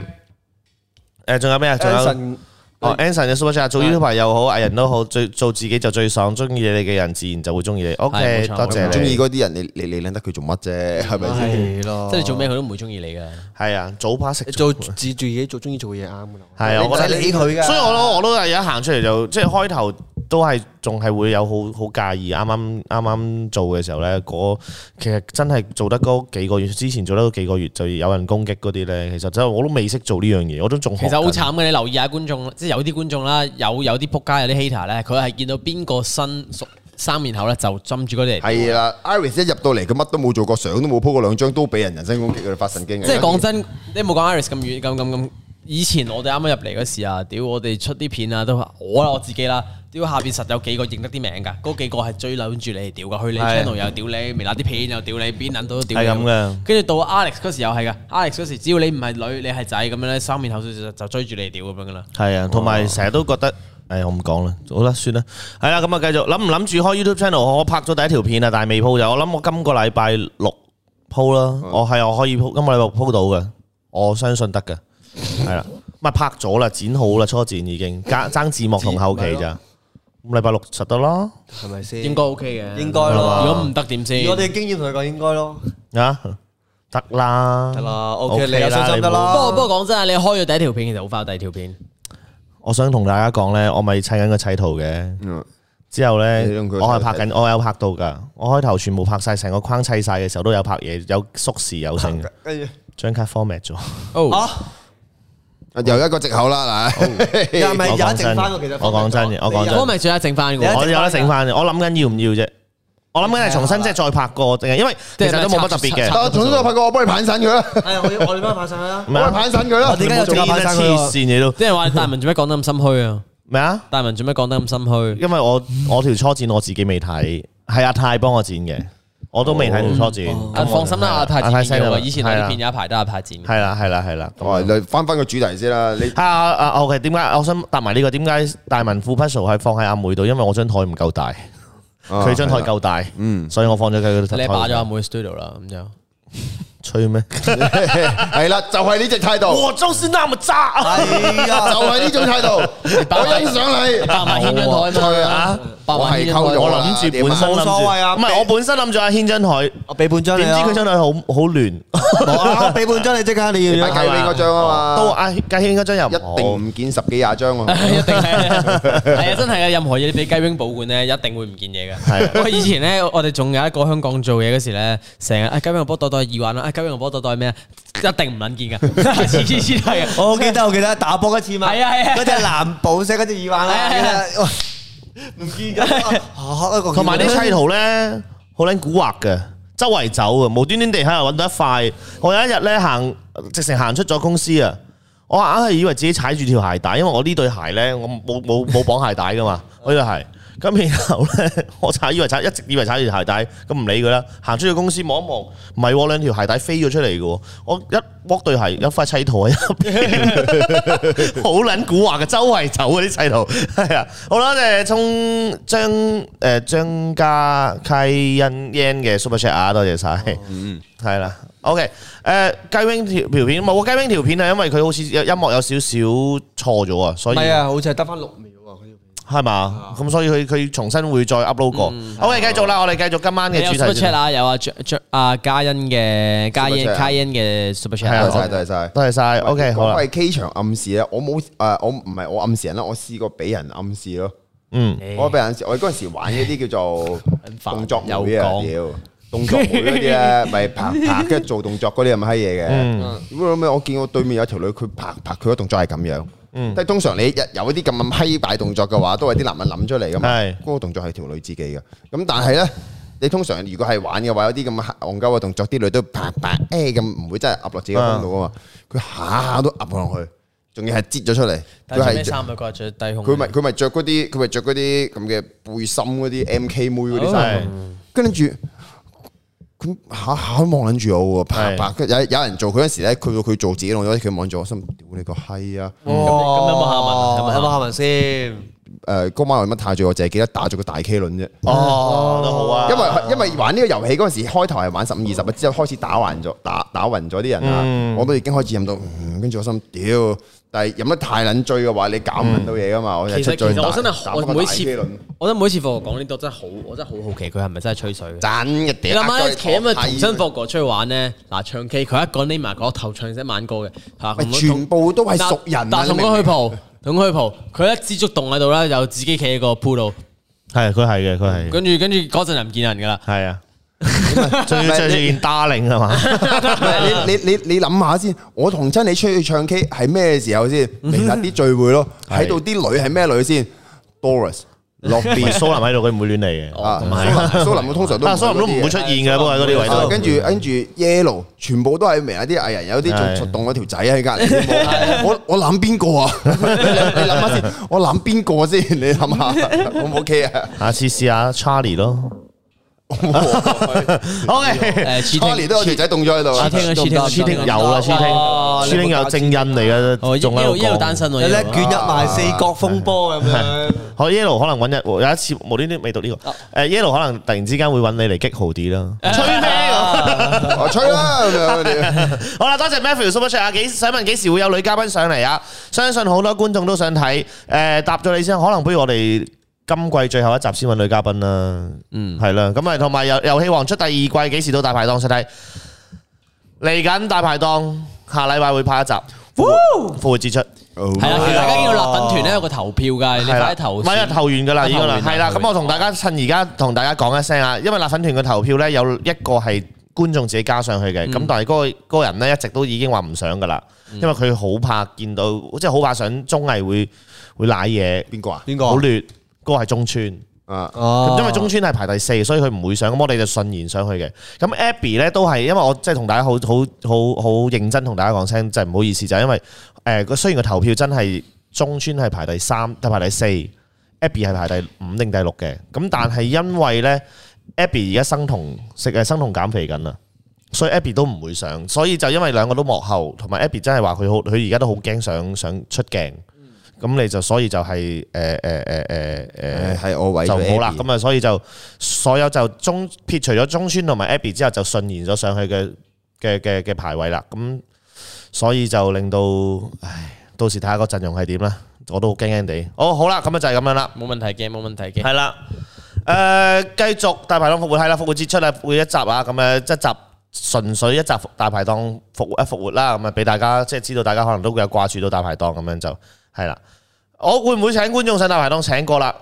誒，仲有咩啊？仲有。哦，Anson，你 superstar 做 YouTuber 又好，藝人都好，最做自己就最爽，中意你嘅人自然就會中意你。OK，多謝。中意嗰啲人，你你你拎得佢做乜啫？係咪先？咯唉，咧即係你做咩佢都唔會中意你噶。係啊，早巴食早做自住己做中意做嘅嘢，啱噶啦。係、嗯、啊，我覺得理佢噶。所以我我都係一行出嚟就即係開頭。 都係仲係會有好好介意，啱啱啱啱做嘅時候呢，嗰、那個、其實真係做得嗰幾個月，之前做得嗰幾個月就有人攻擊嗰啲呢。其實真係我都未識做呢樣嘢，我都仲其實好慘嘅，你留意下觀眾，即係有啲觀眾啦，有有啲撲街有啲 hater 咧，佢係見到邊個新熟三面口呢，就針住嗰啲人。係啦，Iris 一入到嚟，佢乜都冇做過，相都冇 po 過兩張，都俾人人身攻擊佢發神經。即係講真，你冇講 Iris 咁遠咁咁咁？以前我哋啱啱入嚟嗰時啊，屌我哋出啲片啊，都話我啦我自己啦，屌下邊實有幾個認得啲名㗎，嗰幾個係追諗住你屌㗎，去你 channel 又屌你，微辣啲片又屌你，邊撚到都屌。係咁嘅。跟住到 Alex 嗰時又係㗎，Alex 嗰時只要你唔係女，你係仔咁樣咧，三面口水就就追住你屌咁樣㗎啦。係啊，同埋成日都覺得誒，我唔講啦，好啦，算啦。係啦、啊，咁啊繼續諗唔諗住開 YouTube channel？我拍咗第一條片啊，但係未鋪就，我諗我今個禮拜六鋪啦。我係、嗯哦啊、我可以今個禮拜鋪到嘅，我相信得嘅。係啦，咪拍咗啦，剪好啦，初剪已經加爭字幕同後期咋？禮拜六實得咯，係咪先？應該 OK 嘅，應該咯。如果唔得點先？我哋經驗同你講，應該咯。啊，得啦，得啦，OK 你有信心得啦。不過不過講真係，你開咗第一條片其實好快，第二條片。我想同大家講咧，我咪砌緊個砌圖嘅，之後咧我係拍緊，我有拍到噶。我開頭全部拍晒成個框砌晒嘅時候，都有拍嘢，有縮時有剩，跟住張卡 format 咗。啊？又一個藉口啦，嗱，又咪有剩翻個，其實我講真嘅，我講真，我咪仲有剩翻嘅，我有得剩翻嘅，我諗緊要唔要啫，我諗緊係重新即係再拍過，因為其實都冇乜特別嘅。重新再拍過，我幫你盤審佢啦，係啊，我我你幫我盤審佢啊，我盤審佢啦。我點解做啲咁黐線嘢都？即係話大文做咩講得咁心虛啊？咩啊？大文做咩講得咁心虛？因為我我條初剪我自己未睇，係阿泰幫我剪嘅。我都未睇到初展，放心啦，阿泰戰嘅。以前啲片有一排都係拍展、戰。係啦，係啦，係啦，我翻翻個主題先啦。你啊啊，OK，點解？我想答埋呢個點解大文富 puzzle 喺放喺阿妹度？因為我張台唔夠大，佢張台夠大，嗯，所以我放咗喺佢度。你霸咗阿妹 studio 啦咁就。吹咩？係啦，就係呢隻態度。我就是那麼渣。係啊，就係呢種態度。我欣賞你。八萬千真海啊！我係溝咗，我諗住本身諗住。冇所謂啊。唔係我本身諗住阿千真海，我俾半張你。點知佢真係好好亂。冇啊，俾半張你即刻，你要計呢個張啊嘛。都阿計呢個張又一定唔見十幾廿張啊。一定係。係啊，真係啊，任何嘢你俾雞 wing 保管咧，一定會唔見嘢嘅。係。我以前咧，我哋仲有一個香港做嘢嗰時咧，成日阿雞 wing 我波多多耳環啦。球用波袋袋咩啊？一定唔撚見嘅， 次次,次我記得，我記得打波一次嘛。係啊係啊，嗰、啊、隻藍寶石嗰隻耳環啦。唔見同埋啲砌圖咧，好撚古惑嘅，周圍走嘅，無端端地喺度揾到一塊。我有一日咧行，直成行出咗公司啊！我硬係以為自己踩住條鞋帶，因為我呢對鞋咧，我冇冇冇綁鞋帶嘅嘛， 我呢對鞋。咁然後咧，我踩以為踩，一直以為踩住條鞋帶，咁唔理佢啦。行出去公司望一望，唔係喎，兩條鞋帶飛咗出嚟嘅喎。我一剝對鞋，一塊砌圖喺入邊， 好撚古惑嘅。周圍走嗰啲砌圖，係 啊，好啦，即係從張誒張家開恩嘅 super chat 啊，多謝晒，呃、嗯係啦謝、嗯啊、，OK，誒、呃、雞 wing 條，條，條片冇啊，雞 wing 條片係因為佢好似音樂有少少錯咗啊，所以係啊，好似係得翻六秒。係嘛？咁所以佢佢重新會再 upload 過。OK，繼續啦，我哋繼續今晚嘅主題。Super Chat 啊，有阿阿嘉欣嘅嘉欣嘉欣嘅 Super Chat。多謝晒，多謝晒，OK，我係 K 場暗示啦，我冇誒，我唔係我暗示人啦，我試過俾人暗示咯。嗯，我俾人暗示，我嗰陣時玩一啲叫做動作遊戲，動作嗰啲咧，咪拍拍跟住做動作嗰啲咁閪嘢嘅。如果咁我見我對面有條女，佢拍拍佢個動作係咁樣。嗯，即係通常你有一啲咁咁批擺動作嘅話，都係啲男人諗出嚟㗎嘛。係嗰是 個動作係條女自己嘅。咁但係咧，你通常如果係玩嘅話，有啲咁嘅憨鳩嘅動作，啲女都啪啪，誒咁，唔、欸、會真係壓落自己胸度啊嘛。佢是 下下都壓落去，仲要係擠咗出嚟。佢係衫佢咪佢咪着嗰啲，佢咪着嗰啲咁嘅背心嗰啲 MK 妹嗰啲衫，跟住。咁下下都望緊住我喎，拍一拍有人做佢嗰時咧，佢佢做自己動作，佢望住我，我我心諗屌你個閪啊！咁你哇有冇下文，啊，有冇下文先？啊有誒嗰晚我乜太醉，我淨係記得打咗個大 K 輪啫。哦，都好啊。因為、哦、因為玩呢個遊戲嗰陣時，開頭係玩十五二十，之後開始打暈咗，打打暈咗啲人啊。嗯、我都已經開始飲到，跟、嗯、住我心屌，但係飲得太撚醉嘅話，你搞唔到嘢噶嘛。嗯、我係出最大。我每次，我覺得每次傅哥講呢度真係好，我真係好好奇佢係咪真係吹水。真嘅屌。你阿 Mike 咁啊，重新傅哥出去玩呢，嗱，唱 K 佢一講匿埋嗰頭唱咗晚歌嘅嚇，跟跟全部都係熟人啊，同個虛同開蒲，佢一知足洞喺度啦，就自己企喺個鋪度。係，佢係嘅，佢係。跟住跟住嗰陣就唔見人噶啦。係啊，着住件 darling 係嘛？你你你你諗下先，我同親你出去唱 K 係咩時候先？其他啲聚會咯，喺度啲女係咩女先？Doris。 Dor 落邊邊蘇林喺度，佢唔會亂嚟嘅。啊，蘇林，林通常都蘇、啊、林都唔會出現嘅，啊、不過嗰啲位都。跟住跟住 Yellow，全部都係名啊？啲藝人有啲仲出動咗條仔喺隔籬。我我諗邊個啊？你諗下先，我諗邊個先？你諗下，O 唔 O K 啊？啊，下次試下 Charlie 咯。O K，阿年都有條仔凍咗喺度啦，舒聽有啦，舒聽舒聽有正印嚟嘅，仲有一個 y e 單身，捲入埋四角風波咁樣。好 yellow 可能揾一有一次無端端未讀呢個，誒 yellow 可能突然之間會揾你嚟激豪啲啦，吹咩？我吹啦好啦，多謝 Matthew Super Chat 啊，幾想問幾時會有女嘉賓上嚟啊？相信好多觀眾都想睇。誒，答咗你先，可能不如我哋。今季最後一集先揾女嘉賓啦，嗯，係啦，咁啊，同埋遊遊戲王出第二季，幾時到大排檔實睇？嚟緊大排檔，下禮拜會拍一集，哇！復活節出，係啦，其實大家知道立粉團咧有個投票噶，你睇投，今日投完噶啦，依個啦，係啦，咁我同大家趁而家同大家講一聲啊，因為立粉團嘅投票咧有一個係觀眾自己加上去嘅，咁但係嗰個嗰個人咧一直都已經話唔想噶啦，因為佢好怕見到，即係好怕上綜藝會會瀨嘢，邊個啊？邊個？好劣。都係中村，啊，因為中村係排第四，所以佢唔會上，咁我哋就順延上去嘅。咁 Abby 咧都係，因為我即係同大家好好好好認真同大家講聲，就係唔好意思，就係因為誒，個雖然個投票真係中村係排第三，但係排第四，Abby 係排第五定第六嘅。咁但係因為咧，Abby 而家生酮食誒生酮減肥緊啦，所以 Abby 都唔會上，所以就因為兩個都幕後，同埋 Abby 真係話佢好，佢而家都好驚上上出鏡。咁你就所以就係誒誒誒誒誒，係，呃呃呃呃、我位就好啦。咁啊，所以就所有就中撇除咗中村同埋 Abby 之後，就順延咗上去嘅嘅嘅嘅排位啦。咁所以就令到，唉，到時睇下個陣容係點啦。我都好驚驚地。哦，好啦，咁啊就係咁樣啦，冇問題嘅，冇問題嘅。係啦，誒，繼續大排檔復活，係啦，復活節出嚟會一集啊。咁啊，一集純粹一集大排檔復活一復活啦。咁啊，俾大家即係知道，大家可能都會有掛住到大排檔咁樣就。係啦，我會唔會請觀眾上大排檔請過啦？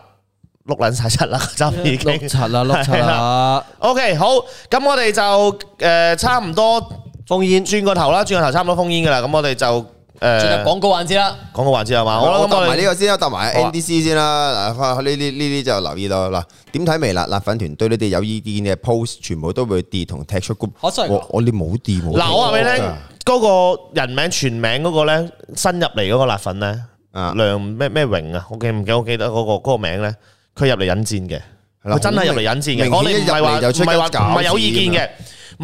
碌捻晒七啦，就已經七啦，七啦。O K，好，咁我哋就誒差唔多封煙，轉個頭啦，轉個頭差唔多封煙噶啦。咁我哋就誒，廣告環節啦，廣告環節係嘛？我搭埋呢個先啦，搭埋 N D C 先啦。嗱，呢啲呢啲就留意到啦，點睇微辣辣粉團對你哋有意見嘅 post，全部都會跌同踢出 group。我我哋冇跌，嗱我話你聽，嗰個人名全名嗰個咧，新入嚟嗰個辣粉咧。梁咩咩榮啊？我記唔記得？我記得嗰個個名咧，佢入嚟引戰嘅，佢真係入嚟引戰嘅。顯我哋唔係話唔係話唔係有意見嘅，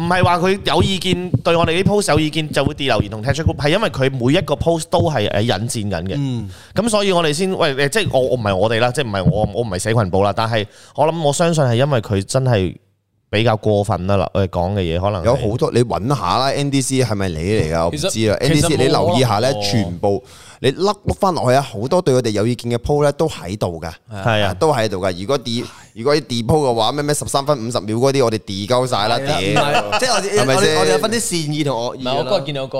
唔係話佢有意見對我哋啲 post 有意見就會跌留言同踢出 group，係因為佢每一個 post 都係誒引戰緊嘅。咁、嗯、所以我哋先喂，即係我我唔係我哋啦，即係唔係我我唔係社群部啦。但係我諗我相信係因為佢真係比較過分得啦，我哋講嘅嘢可能有好多。你揾下啦，N D C 係咪你嚟噶？我唔知啦實，N D C 你留意下咧，全部。你笠碌翻落去啊！好多對我哋有意見嘅鋪咧，都喺度噶，係啊，都喺度噶。如果 delete 如果啲 delete 鋪嘅話，咩咩十三分五十秒嗰啲，我哋 delete 夠曬啦，delete，即係我哋係咪先？我哋有分啲善意同惡意咯，唔係，我今日見到個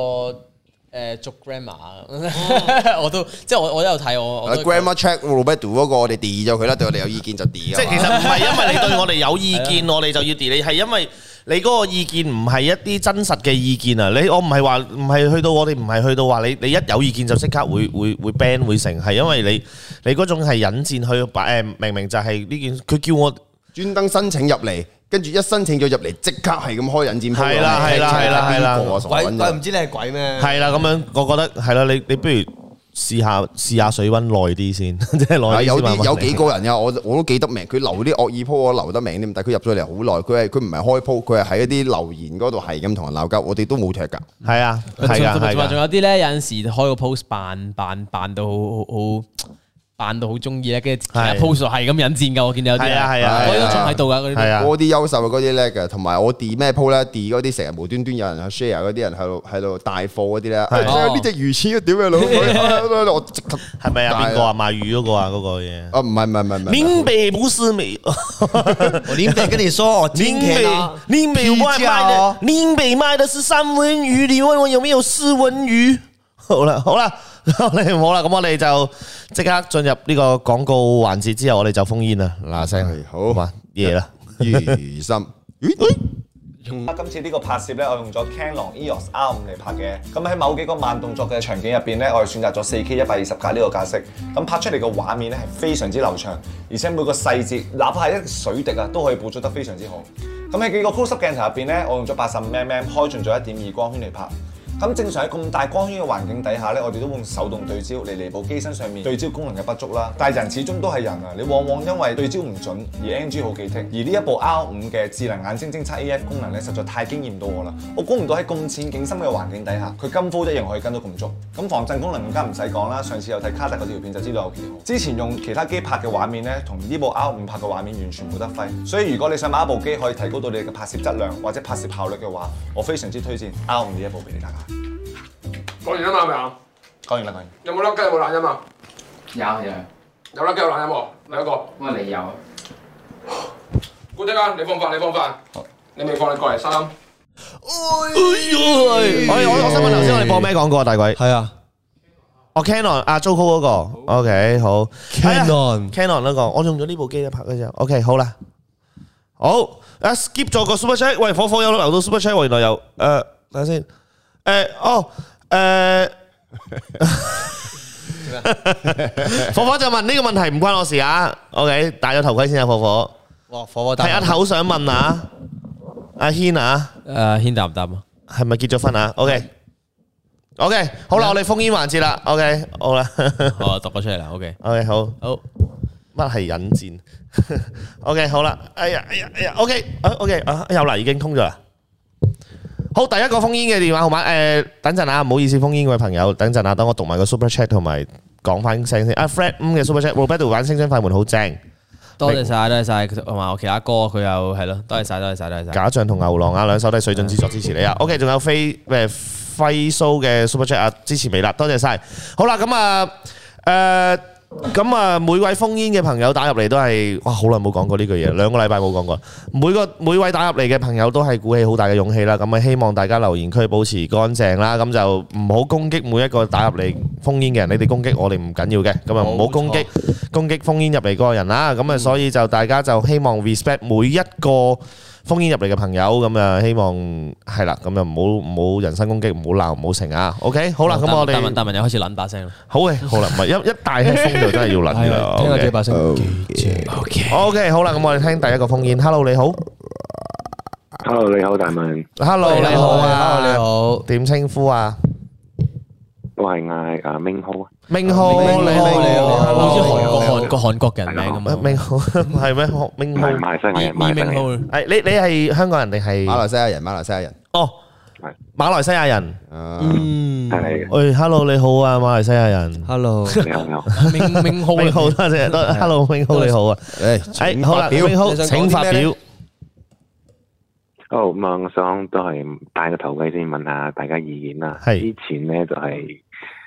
誒做 grammar，我都即係我我都有睇我 grammar check Roberto 嗰個，我哋 delete 咗佢啦。對我哋有意見就 delete。即係其實唔係因為你對我哋有意見，我哋就要 delete 你，係因為。你嗰個意見唔係一啲真實嘅意見啊！你我唔係話唔係去到我哋唔係去到話你你一有意見就即刻會會會 ban 會成，係因為你你嗰種係引戰去擺誒，明明就係呢件佢叫我專登申請入嚟，跟住一申請就入嚟，即刻係咁開引戰，係啦係啦係啦係啦！鬼鬼唔知你係鬼咩？係啦咁樣，我覺得係啦，你你不如。試下試下水溫耐啲先，即 係耐有啲有幾個人呀，我我都記得名，佢留啲惡意鋪，我留得名啲，但佢入咗嚟好耐，佢係佢唔係開鋪，佢係喺一啲留言嗰度係咁同人鬧交，我哋都冇踢噶，係啊，係啊，仲、啊啊、有啲咧，有陣時開個 post 扮扮扮到。扮到好中意咧，跟住其實 post 係咁引戰噶，我見到有啲係啊係我依度喺度噶，嗰啲嗰啲優秀嘅嗰啲叻嘅，同埋我哋咩 post 咧，啲嗰啲成日無端端有人 share 嗰啲人喺度喺度帶貨嗰啲咧，呢隻魚翅點樣攞？我係咪啊？邊個啊？賣魚嗰個啊？嗰個嘢？哦唔係唔係唔係，林北不是美。林北跟你說，林北林北賣的，林北賣的是三文魚，你問我有沒有四文魚？好啦好啦。 好啦，咁我哋就即刻進入呢個廣告環節之後，我哋就封煙啦。嗱，聲好嘛，夜啦吧，夜深。啊， 今次呢個拍攝咧，我用咗 Canon EOS R 五嚟拍嘅。咁喺某幾個慢動作嘅場景入邊咧，我哋選擇咗四 K 一百二十格呢個格式。咁拍出嚟嘅畫面咧係非常之流暢，而且每個細節，哪怕係一水滴啊，都可以捕捉得非常之好。咁喺幾個 close 鏡頭入邊咧，我用咗八十五 mm 開進咗一點二光圈嚟拍。正常喺咁大光圈嘅環境底下呢，我哋都用手動對焦嚟彌補機身上面對焦功能嘅不足啦。但係人始終都係人啊，你往往因為對焦唔準而 NG 好幾次。而呢一部 R 五嘅智能眼睛偵測 AF 功能呢，實在太驚豔到我啦！我估唔到喺咁淺景深嘅環境底下，佢跟風一樣可以跟到咁足。咁防震功能更加唔使講啦，上次有睇卡特嗰條片就知道有幾好。之前用其他機拍嘅畫面呢，同呢部 R 五拍嘅畫面完全冇得揮。所以如果你想買一部機可以提高到你嘅拍攝質量或者拍攝效率嘅話，我非常之推薦 R 五呢一部俾你大講完咗冇？未啊！講完啦，講完。有冇甩雞？有冇冷飲啊？有有。有甩雞有冷飲冇？第一個。乜理由？古仔啊！你放翻你放翻。你未放？你過嚟收。哎呀！可以，我想問頭先我哋播咩廣告啊？大鬼。係啊。哦，Canon 啊，Zuco 嗰個。OK，好。Canon，Canon 嗰個，我用咗呢部機咧拍嘅啫。OK，好啦。好，啊 skip 咗個 Super Chat。喂，火火有冇留到 Super Chat？原來有。誒，睇下先。誒，哦。誒，火火就問呢個問題唔關我事啊，OK，戴咗頭盔先啊，火火，哇，火火係阿頭想問啊，阿軒啊，誒，阿軒答唔答啊？係咪結咗婚啊？OK，OK，好啦，我哋烽煙環節啦，OK，好啦，我讀咗出嚟啦，OK，OK，好好，乜係引戰？OK，好啦，哎呀，哎呀，哎呀，OK，啊，OK，啊，有啦，已經通咗啦。好，第一個烽煙嘅電話號碼，誒，等陣啊，唔好意思，烽煙位朋友，等陣啊，等我讀埋個 super chat 同埋講翻聲先。阿 Fred 五嘅 super chat，我不斷玩星星快門，好正，多謝晒，多謝晒，同埋我其他哥，佢又係咯，多謝晒，多謝晒，多謝晒。假象同牛郎啊，兩首都係水準之作，支持你啊。OK，仲有飛咩輝蘇嘅 super chat 啊，支持未啦？多謝晒。好啦，咁啊，誒。咁啊，每位烽煙嘅朋友打入嚟都係哇，好耐冇講過呢句嘢，兩個禮拜冇講過。每個每位打入嚟嘅朋友都係鼓起好大嘅勇氣啦。咁啊，希望大家留言區保持乾淨啦。咁就唔好攻擊每一個打入嚟烽煙嘅人。你哋攻擊我哋唔緊要嘅。咁啊，唔好錯攻擊攻擊烽煙入嚟嗰個人啦。咁啊，所以就大家就希望 respect 每一個。烽煙入嚟嘅朋友咁啊，希望係啦，咁又唔好唔好人身攻擊，唔好鬧，唔好成啊。OK，好啦，咁我哋大文大文又開始捻把聲啦。好嘅，好啦，唔係一一大聲風就真係要捻啦。聽下幾把聲。OK，OK，好啦，咁我哋聽第一個烽煙。Hello，你好。Hello，你好，大文。Hello，你好啊。Hello，你好。點稱呼啊？係嗌啊，明浩啊！明浩，你好，你好，你好。好似韓國個韓國人名咁啊，明浩係咩？明唔係，唔係，真係嗌咩名？二明浩，係你，你係香港人定係馬來西亞人？馬來西亞人哦，係馬來西亞人。嗯，係。誒，Hello，你好啊，馬來西亞人。Hello，你好，明明浩，明浩，多謝多。Hello，明浩，你好啊。誒，誒，發表，請發表。好，我想都係戴個頭盔先，問下大家意見啦。係之前呢，就係。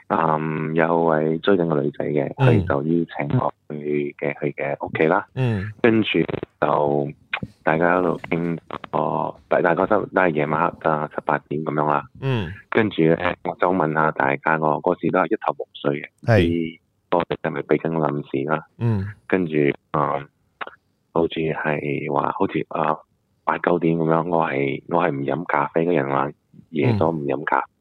嗯，有位追緊個女仔嘅，佢就邀請我去嘅佢嘅屋企啦。嗯，跟住就大家喺度傾，哦，大大家都都係夜晚黑啊，七八點咁樣啦。那個、嗯，跟住咧，我想問下大家個嗰時都係一頭霧水嘅，係，嗰時係咪俾緊臨時啦？嗯，跟住啊，好似係話，好似啊，八九點咁樣，我係我係唔飲咖啡嘅人啊、呃，夜咗唔飲咖啡。嗯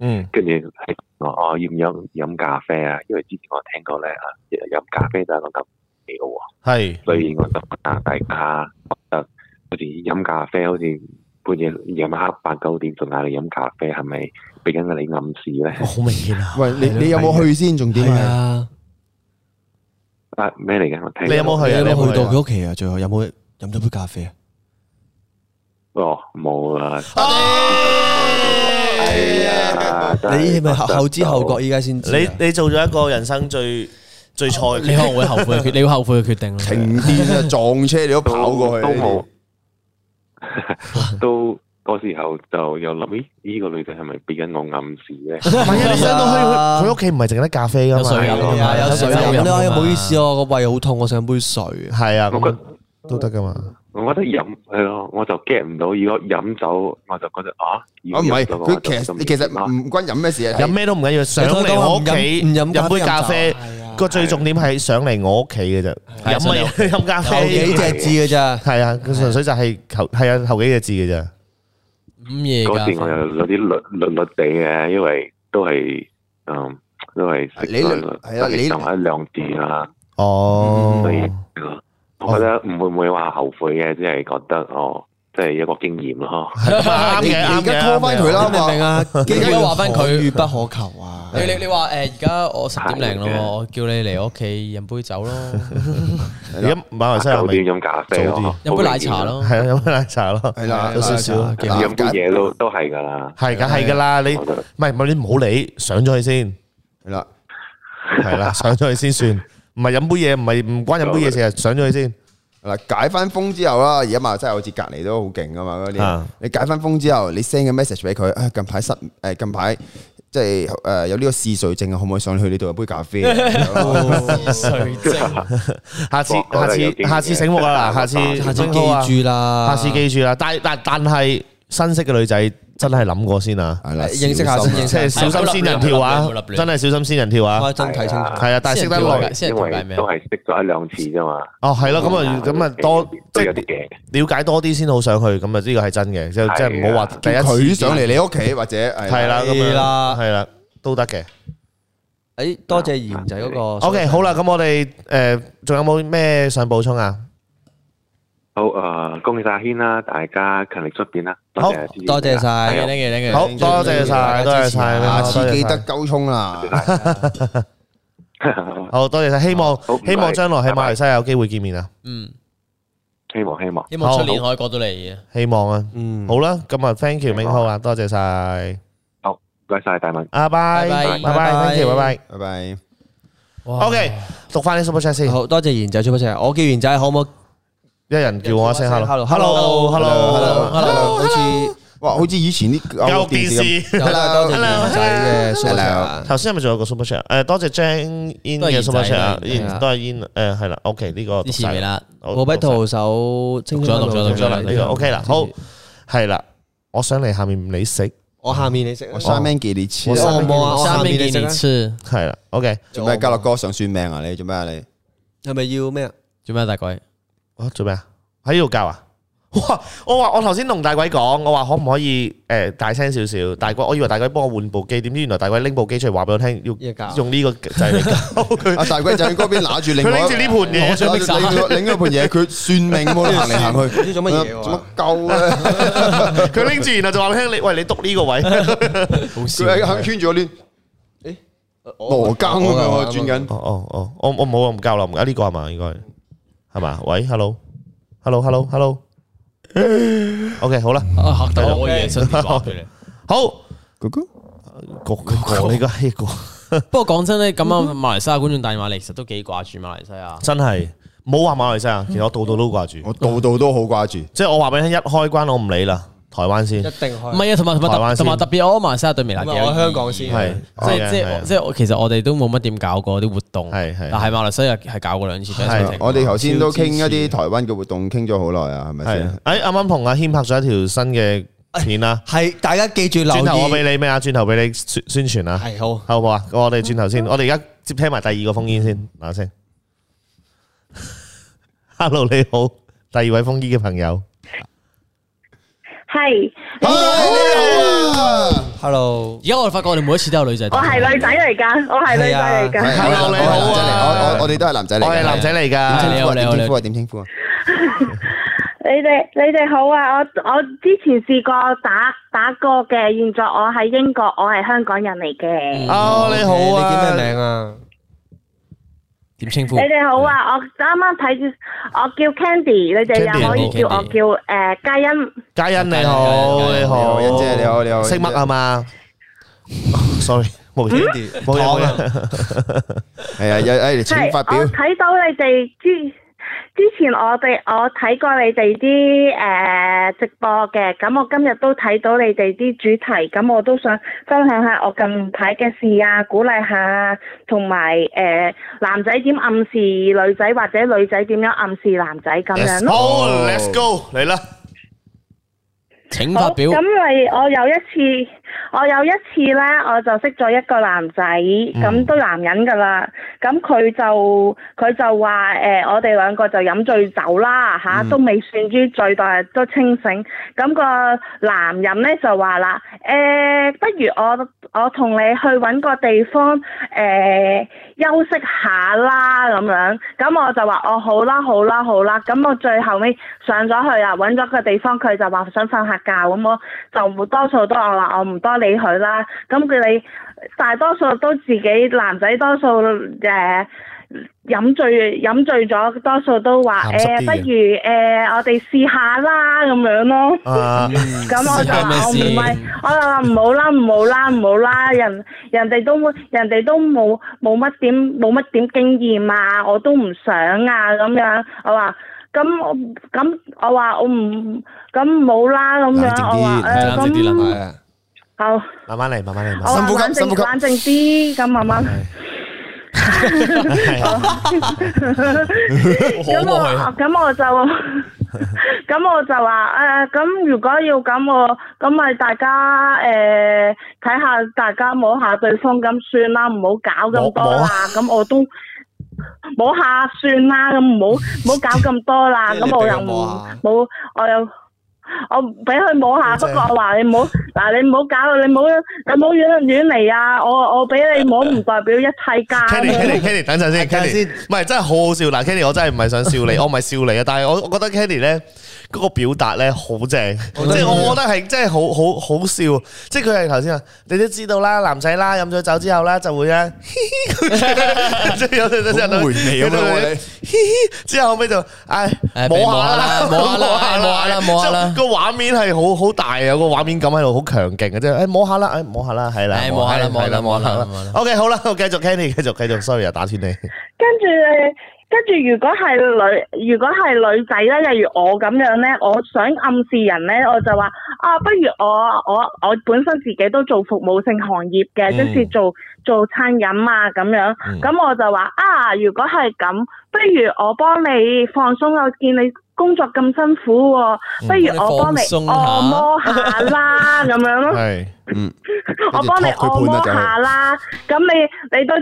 嗯，跟住係我要唔要飲咖啡啊？因為之前我聽過咧吓，飲咖啡就諗到你咯喎，係，所以我得大家我覺得好似飲咖啡，好似半夜夜晚黑八九點仲嗌你飲咖啡，係咪俾緊你暗示咧？好明顯啊！喂，你，你，你有冇去先？重點係啊，咩嚟嘅？我聽你有冇去啊？你有冇去到佢屋企啊？最後有冇飲咗杯咖啡？哦，冇啦。啊係啊，你係咪後知後覺依家先？你你做咗一個人生最最錯？你可能會後悔嘅決？你會後悔嘅決定啊？停電撞車，你都跑過去都冇。都嗰時候就有諗，咦？呢個女仔係咪俾緊我暗示咧？萬一你想到去佢屋企唔係淨得咖啡噶嘛？有水飲啊，有水飲。你話唔好意思我個胃好痛，我想杯水。係啊，咁都得噶嘛。我覺得飲係咯，我就 get 唔到。如果飲酒，我就覺得啊，我唔係佢其實你其實唔關飲咩事啊，飲咩都唔緊要。上嚟我屋企唔飲飲杯咖啡，個最重點係上嚟我屋企嘅啫，飲啊飲咖啡，後幾隻字嘅咋？係啊，佢純粹就係後係啊後幾隻字嘅咋？午夜嗰時我又有啲略略略地嘅，因為都係嗯都係你係啊，你諗下兩點啦哦。我覺得唔會唔會話後悔嘅，只係覺得哦，即係一個經驗咯。啱嘅，啱嘅。拖翻佢啦，明唔明啊？記得話翻佢，絕不可求啊！你你你話誒，而家我十點零咯，我叫你嚟我屋企飲杯酒咯。而家唔係話真係九點飲咖啡咯，飲杯奶茶咯，係啊，飲杯奶茶咯，係啦，有少少，其實飲杯嘢，都都係噶啦，係梗係噶啦，你唔係唔係你唔好理，上咗去先，係啦，係啦，上咗去先算。唔係飲杯嘢，唔係唔關飲杯嘢事啊！上咗去先，嗱解翻封之後啦，而家嘛真係好似隔籬都好勁噶嘛嗰啲。你解翻封之後，你 send 個 message 俾佢，唉，近排失誒，近排即係誒有呢個嗜睡症啊，可唔可以上去呢度飲杯咖啡？嗜睡症，下次下次下次醒目啦，嗱，下次下次記住啦，下次記住啦。但但但係新識嘅女仔。真係諗過先啊！係啦，認識下先，認識小心仙人跳啊！真係小心仙人跳啊！真睇清楚，係啊，但係識得耐，因為都係識咗一兩次啫嘛。哦，係咯，咁啊，咁啊，多即係了解多啲先好上去，咁啊，呢個係真嘅，就即係唔好話第一次上嚟你屋企或者係啦，係啦，都得嘅。誒，多謝賢仔嗰個。OK，好啦，咁我哋誒仲有冇咩想補充啊？好誒，恭喜晒阿軒啦！大家勤力出邊啦，多謝多謝晒，好多謝晒，多謝晒，下次記得溝通啦。好多謝晒，希望希望將來喺馬來西亞有機會見面啦。嗯，希望希望，希望出年可以過到嚟，希望啊，嗯，好啦，咁啊 thank you，明浩啊，多謝晒，好，唔該晒，大文，阿拜拜拜拜，thank you，拜拜拜拜，OK，讀翻啲 super chat 先，好多謝賢仔 super chat，我叫賢仔，好唔好？一人叫我一聲 hello，hello，hello，hello，hello，好似，哇，好似以前啲舊電視咁啦。多謝 s u 頭先係咪仲有個 super chat？誒，多謝 j e 嘅 super chat，然多謝 In，誒，係啦，OK，呢個。之前啦，我俾徒手。再再再呢個 OK 啦，好，係啦，我想嚟下面你食，我下面你食，我下面幾啲錢，我冇啊，我下面幾啲係啦，OK。做咩？家樂哥想算命啊？你做咩啊？你係咪要咩啊？做咩大概。做咩啊？喺呢度教啊？哇！我話我頭先同大鬼講，我話可唔可以誒大聲少少？大鬼，我以為大鬼幫我換部機，點知原來大鬼拎部機出嚟話俾我聽，要用呢個掣嚟教。阿大鬼就喺嗰邊拿住，拎住呢盤嘢，拎住呢盤嘢，佢算命喎，行嚟行去，唔知做乜嘢。做乜教啊？佢拎住然後就話聽你，喂你篤呢個位。佢喺圈住我呢？誒，羅更咁樣轉緊。哦哦，我我冇，我唔教啦，唔教呢個係嘛？應該。係嘛？喂 Hello?，hello，hello，hello，hello，OK，okay，好啦，啊，好，大家好 g o o g 你 e 國國呢個，哥哥不過講真咧，咁樣，馬來西亞觀眾打電話嚟，其實都幾掛住馬來西亞，真係，冇話馬來西亞，其實我度度都掛住，我度度都好掛住， 即係我話俾你聽，一開關我唔理啦。台灣先，一定唔係啊，同埋同埋同埋特別，馬來西亞對未嚟，唔係我香港先，係即係即係即係，其實我哋都冇乜點搞過啲活動，係係，但係馬來西亞係搞過兩次，我哋頭先都傾一啲台灣嘅活動，傾咗好耐啊，係咪先？哎，啱啱同阿謙拍咗一條新嘅片啦，係，大家記住留意，轉頭俾你咩啊？轉頭俾你宣宣傳啊，係好，好好啊？我哋轉頭先，我哋而家接聽埋第二個風煙先，等下 Hello，你好，第二位風煙嘅朋友。係，hello，而家我哋發覺我哋每一次都有女仔。我係女仔嚟噶。我係女仔嚟噶。你好，你好啊！我我哋都係男仔嚟。我係男仔嚟噶。你好，你好。點稱呼啊？點稱呼啊？你哋你哋好啊！我我之前試過打打過嘅。現在我喺英國，我係香港人嚟嘅。哦，你好啊！你叫咩名啊？點稱呼？你哋好啊！我啱啱睇住，我叫 Candy，你哋又可以叫我叫誒嘉欣。嘉欣你好，你好，欣姐你好，你好。識麥啊嘛？Sorry，冇嘢，冇嘢，冇嘢。係啊，有誒，請發表。我睇到你哋豬。之前我哋我睇過你哋啲誒直播嘅，咁我今日都睇到你哋啲主題，咁我都想分享下我近排嘅事啊，鼓勵下，同埋誒男仔點暗示女仔或者女仔點樣暗示男仔咁樣咯。好，Let's go，嚟啦！請發表。咁嚟，我有一次。我有一次咧，我就識咗一個男仔，咁都男人㗎啦，咁佢就佢就話誒、呃，我哋兩個就飲醉酒啦吓、啊，都未算住醉，但係都清醒。咁個男人咧就話啦，誒、欸，不如我我同你去搵個地方誒休息下啦咁樣。咁我就話我好啦好啦好啦。咁我最後尾上咗去啊，搵咗個地方，佢、呃、就話、哦、想瞓下覺，咁我就多數都我話我唔。多理佢啦，咁佢哋大多數都自己男仔，多數誒飲醉飲醉咗，多數都話誒，不如誒我哋試下啦咁樣咯。啊，時間咩事？咁我就話唔係，我就話唔好啦，唔好啦，唔好啦，人人哋都人哋都冇冇乜點冇乜點經驗啊，我都唔想啊咁樣。我話咁咁，我話我唔咁冇啦咁樣。啊，直接直接呢啲啦，係啊。好，慢慢嚟，慢慢嚟，慢慢冷靜啲，冷靜啲，咁慢慢。係。好。咁我咁我就咁、 嗯、我就話誒，咁、欸、如果要咁我，咁咪大家誒睇下，呃、睇下大家摸下對方咁算啦，唔好搞咁多啦。咁我都摸，我摸下算啦，咁唔好唔好搞咁多啦，咁 麼我又冇我又。啊。我俾佢摸下，棒不過我話你唔好，嗱 你唔好搞咯，你唔好你唔好遠遠離啊！我我俾你摸唔代表一切㗎 Kenny，Kenny，Kenny，等陣先，Kenny 先，唔係真係好好笑嗱 ，Kenny，我真係唔係想笑你， 我唔係笑你啊，但係我我覺得 Kenny 咧。嗰個表達咧好正，即係我覺得係真係好好好笑，即係佢係頭先啊，你都知道啦，男仔啦飲咗酒之後咧就會咧，有陣有陣會，之後後尾就唉摸下啦，摸下啦，摸下啦，摸下啦，個畫面係好好大，有個畫面感喺度，好強勁嘅啫，唉摸下啦，唉摸下啦，係啦，摸下啦，摸啦，摸啦，OK 好啦，我繼續 Candy，繼續繼續 sorry 啊，打斷你，跟住誒。跟住如果係女，如果係女仔咧，例如我咁樣咧，我想暗示人咧，我就話啊，不如我我我本身自己都做服務性行業嘅，即、就是做做餐飲啊咁樣。咁我就話啊，如果係咁。不如我幫你放鬆，我見你工作咁辛苦喎，不如我幫你按摩下啦，咁樣咯，嗯，啊、我幫你按摩下啦，咁、嗯啊、樣你你都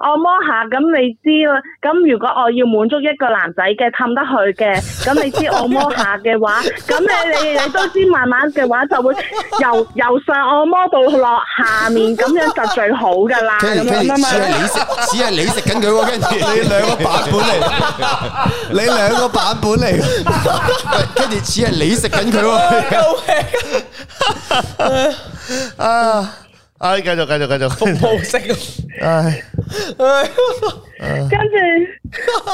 按摩下，咁你知啦，咁如果我要滿足一個男仔嘅氹得佢嘅，咁你知按摩下嘅話，咁 你你你都知慢慢嘅話就會由由上按摩到落下面，咁樣就最好噶啦，咁實樣啦，只係你食，只係你食緊佢， 跟住你兩個 你兩個版本嚟嘅，跟住似係你食緊佢喎而家。啊，哎，繼續繼續繼續，風暴跟住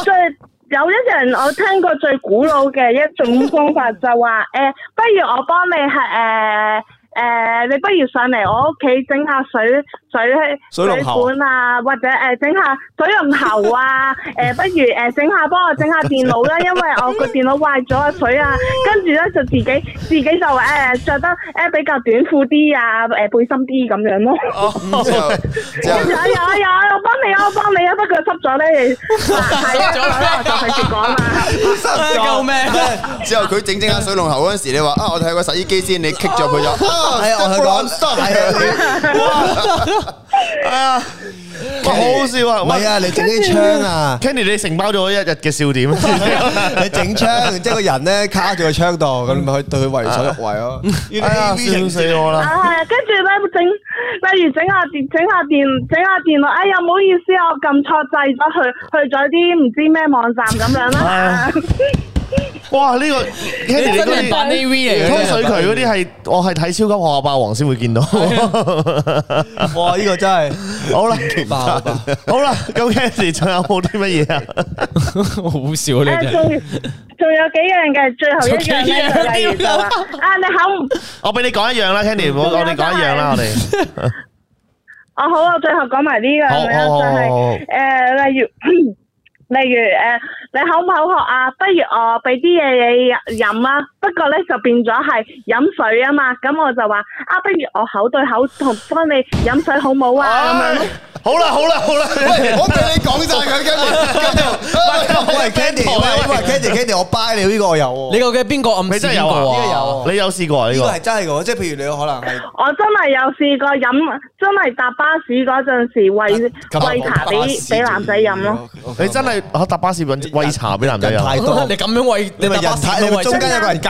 就係有一個人，我聽過最古老嘅一種方法 就話，誒、呃，不如我幫你係誒誒，你不如上嚟我屋企整下水。水去水龍管啊，或者誒整下水龍頭啊，誒不如誒整下幫我整下電腦啦，因為我個電腦壞咗啊。水啊，跟住咧就自己自己就誒著得誒比較短褲啲啊，誒背心啲咁樣咯。跟住有有有，我幫你啊，我幫你啊，不過濕咗咧。濕咗我就係直講啊。濕救命！之後佢整整下水龍頭嗰陣時，你話啊，我睇個洗衣機先，你棘著佢咗。係我係講，係我係係 啊、哎，好笑啊！唔係啊，著你整啲槍啊，Kenny，你承包咗一日嘅笑點， 你整槍， 即係個人咧卡住喺槍度，咁咪可以對佢為所欲為咯。A V、哎、呀笑死我啦！係、哎，跟住咧整，例如整下，下電，整下電，整下電腦。哎呀，唔好意思，我撳錯掣咗，去去咗啲唔知咩網站咁樣啦。 哎哇！呢個，Kenny 你嗰啲拖水渠嗰啲係，我係睇《超級學霸王》先會見到。哇！呢個真係好啦，好啦，咁 Kenny 仲有冇啲乜嘢啊？好笑啊！呢仲有幾樣嘅，最後一樣啊！你好我俾你講一樣啦，Kenny，我哋講一樣啦，我哋。哦，好，我最後講埋呢個，就係誒例如。例如誒，你口唔口渴啊？不如我俾啲嘢你飲啊！不過咧就變咗係飲水啊嘛，咁我就話啊，不如我口對口同幫你飲水好冇啊？好啦好啦好啦，我對你講晒，佢跟住。我係 Candy 我係 Candy，我 buy 你呢個有喎。你究竟邊個暗黴？你真係有有！你有試過啊？呢個係真係嘅，即係譬如你可能我真係有試過飲，真係搭巴士嗰陣時喂喂茶俾俾男仔飲咯。你真係搭巴士揾喂茶俾男仔飲？你咁樣喂，你咪人中間有個人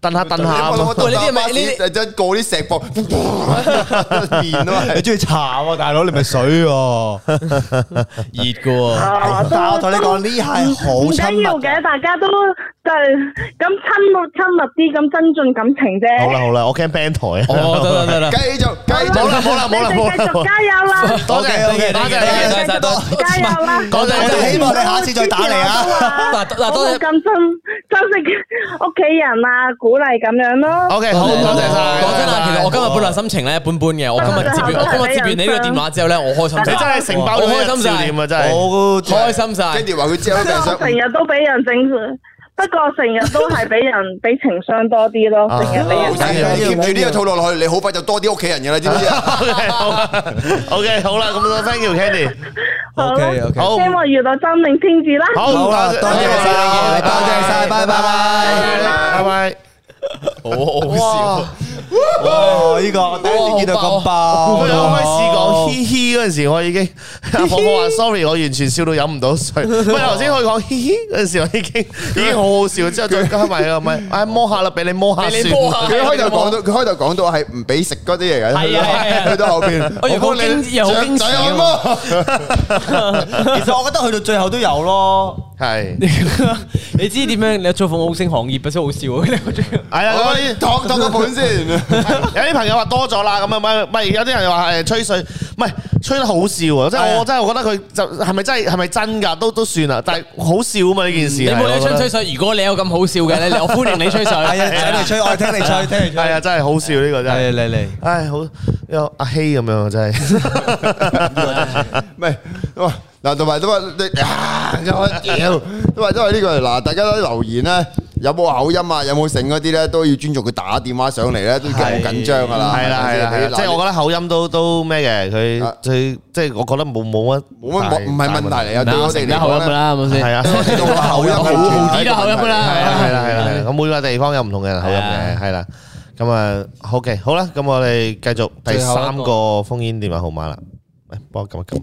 等下，等下，我我我呢啲，呢啲真過啲石縫面啊！你中意茶啊，大佬你咪水哦，熱噶！吓，我同你講呢係好親密嘅，大家都就咁親密親密啲，咁增進感情啫。好啦好啦，我驚 band 台啊！得得得得，繼續繼續，冇啦冇啦冇啦冇啦，繼續加油啦！好嘅好嘅，多謝多謝多謝，加油啦！我我就希望你下次再打嚟啊！嗱嗱，多謝咁珍珍惜屋企人啊！鼓勵咁樣咯。O K，好，多謝晒。講真啊，其實我今日本來心情咧一般般嘅，我今日接住，我今日接完你呢個電話之後咧，我開心。你真係成包開心事啊，真係。我開心晒。Kenny 話佢接我哋，成日都俾人整，不過成日都係俾人俾情商多啲咯。成日。冇事，keep 住呢個套路落去，你好快就多啲屋企人嘅啦，知唔知啊？O K，好。O K，好啦，咁 thank you Kenny。O K，O K，好。希望遇到真命天子啦。好，多謝晒，多謝晒，拜拜，拜拜。好好笑！我呢個第一次見到咁爆，我咪試講嘻嘻嗰陣時，我已經我我話 sorry，我完全笑到飲唔到水。喂，頭先可以講嘻嘻嗰陣時，我已經已經好好笑，之後再加埋個咪，哎摸下啦，俾你摸下算。佢開頭講到，佢開頭講到係唔俾食嗰啲嘢嘅，係啊，去到後邊我又驚又好驚笑。其實我覺得去到最後都有咯。係你知點樣？你做服務性行業不失好笑。係啊，我啲托托個本先。有啲朋友話多咗啦，咁樣咪咪，有啲人話係吹水，唔係吹得好笑啊！即係我真係覺得佢就係咪真係？係咪真㗎？都都算啦，但係好笑啊嘛呢件事。你冇好吹吹水，如果你有咁好笑嘅，你嚟，我歡迎你吹水。哎呀，請你吹，我聽你吹，聽你吹。係啊，真係好笑呢個真係。你嚟，唉，好，阿希咁樣真係。係。嗱，同埋都話你啊，真係屌！都話因為呢個，嗱，大家都留言咧，有冇口音啊？有冇剩嗰啲咧，都要尊重佢打電話上嚟咧，都好緊張噶啦。係啦係啦係，即係我覺得口音都都咩嘅，佢最即係我覺得冇冇乜冇乜冇，唔係問題嚟，有啲地方口音噶啦，係咪先？係啊，口音好啲啦，口音噶啦。係啦係啦係啦，咁每個地方有唔同嘅口音嘅，係啦。咁啊，好嘅，好啦，咁我哋繼續第三個烽煙電話號碼啦。喂，幫我撳一撳。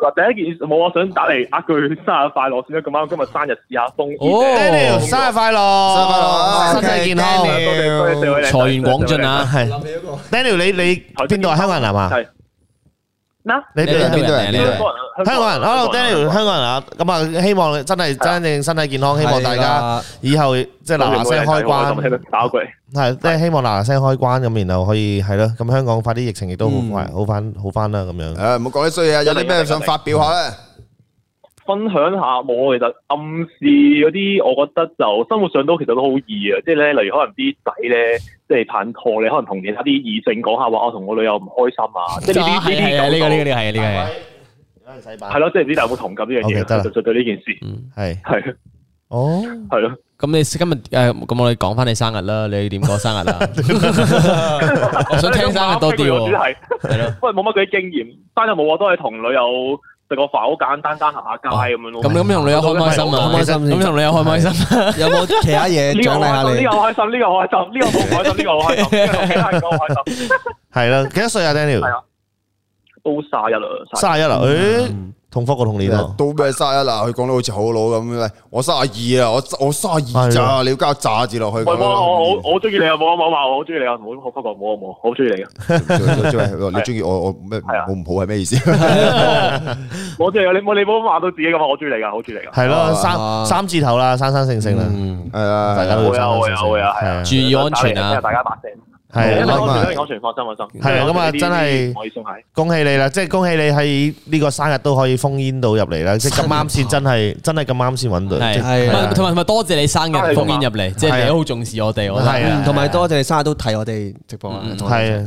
話第一件事冇啊，想打嚟啊句生日快樂先啦！咁啱今日生日，試下風。Daniel，生日快樂，生日快樂，身體健康，多謝多謝，財源廣進啊！係。Daniel，你你邊度？香港人嘛？係。咩？你哋係邊度人？你哋香港人。Hello Daniel，香港人啊，咁啊，希望真係真正身體健康，希望大家以後即係嗱嗱聲開關，打鬼係即係希望嗱嗱聲開關咁，然後可以係咯，咁香港快啲疫情亦都好快好翻好翻啦，咁樣誒，唔好講啲衰嘢啊，有啲咩想發表下咧？分享下，我其實暗示嗰啲，我覺得就生活上都其實都好易啊！即係咧，例如可能啲仔咧，即係拍拖，你可能同其他啲異性講下話，我同我女友唔開心啊！即係呢啲呢啲呢講。係啊係啊，呢個呢個係啊呢個。洗版。係咯，即係唔知大家有冇同感呢樣嘢？就就對呢件事。嗯，係係。哦，係咯。咁你今日誒，咁我哋講翻你生日啦。你點過生日啊？我想聽生日多啲。係。係咯。不過冇乜嗰啲經驗，生日冇啊，都係同女友。食個飯好簡單，單行下街咁樣咯。咁、喔、你同你阿開唔開心啊？開唔開心咁、啊、同你阿開唔開心，有冇其他嘢獎勵下你？呢個開心，呢、這個開心，呢、這個好開心，呢 個好開心，呢、這個好開心。係、這、啦、個，幾、這個、 多， 多歲啊，Daniel？都卅一啦，卅一啦，誒，同福我同你啦，都咩卅一啦。佢講得好似好老咁樣，我卅二啊，我我卅二咋，你要加個咋字落去。我好我中意你啊，冇啊冇啊，我好中意你啊，唔好唔好發冇冇，好中意你啊。你中意我我咩？係唔好係咩意思？我即係你冇你冇話到自己咁，我中意你噶，好中意你噶。係咯，三三字頭啦，生生性性啦，係啊，大家都。會啊會啊會啊，係啊。注意安全啊！大家把聲。係，因為我完全放心，係咁啊！真係，恭喜你啦，即係恭喜你喺呢個生日都可以封煙到入嚟啦，即係咁啱先，真係真係咁啱先揾到，係同埋同埋多謝你生日封煙入嚟，即係好重視我哋，我係，同埋多謝你生日都睇我哋直播啊，係。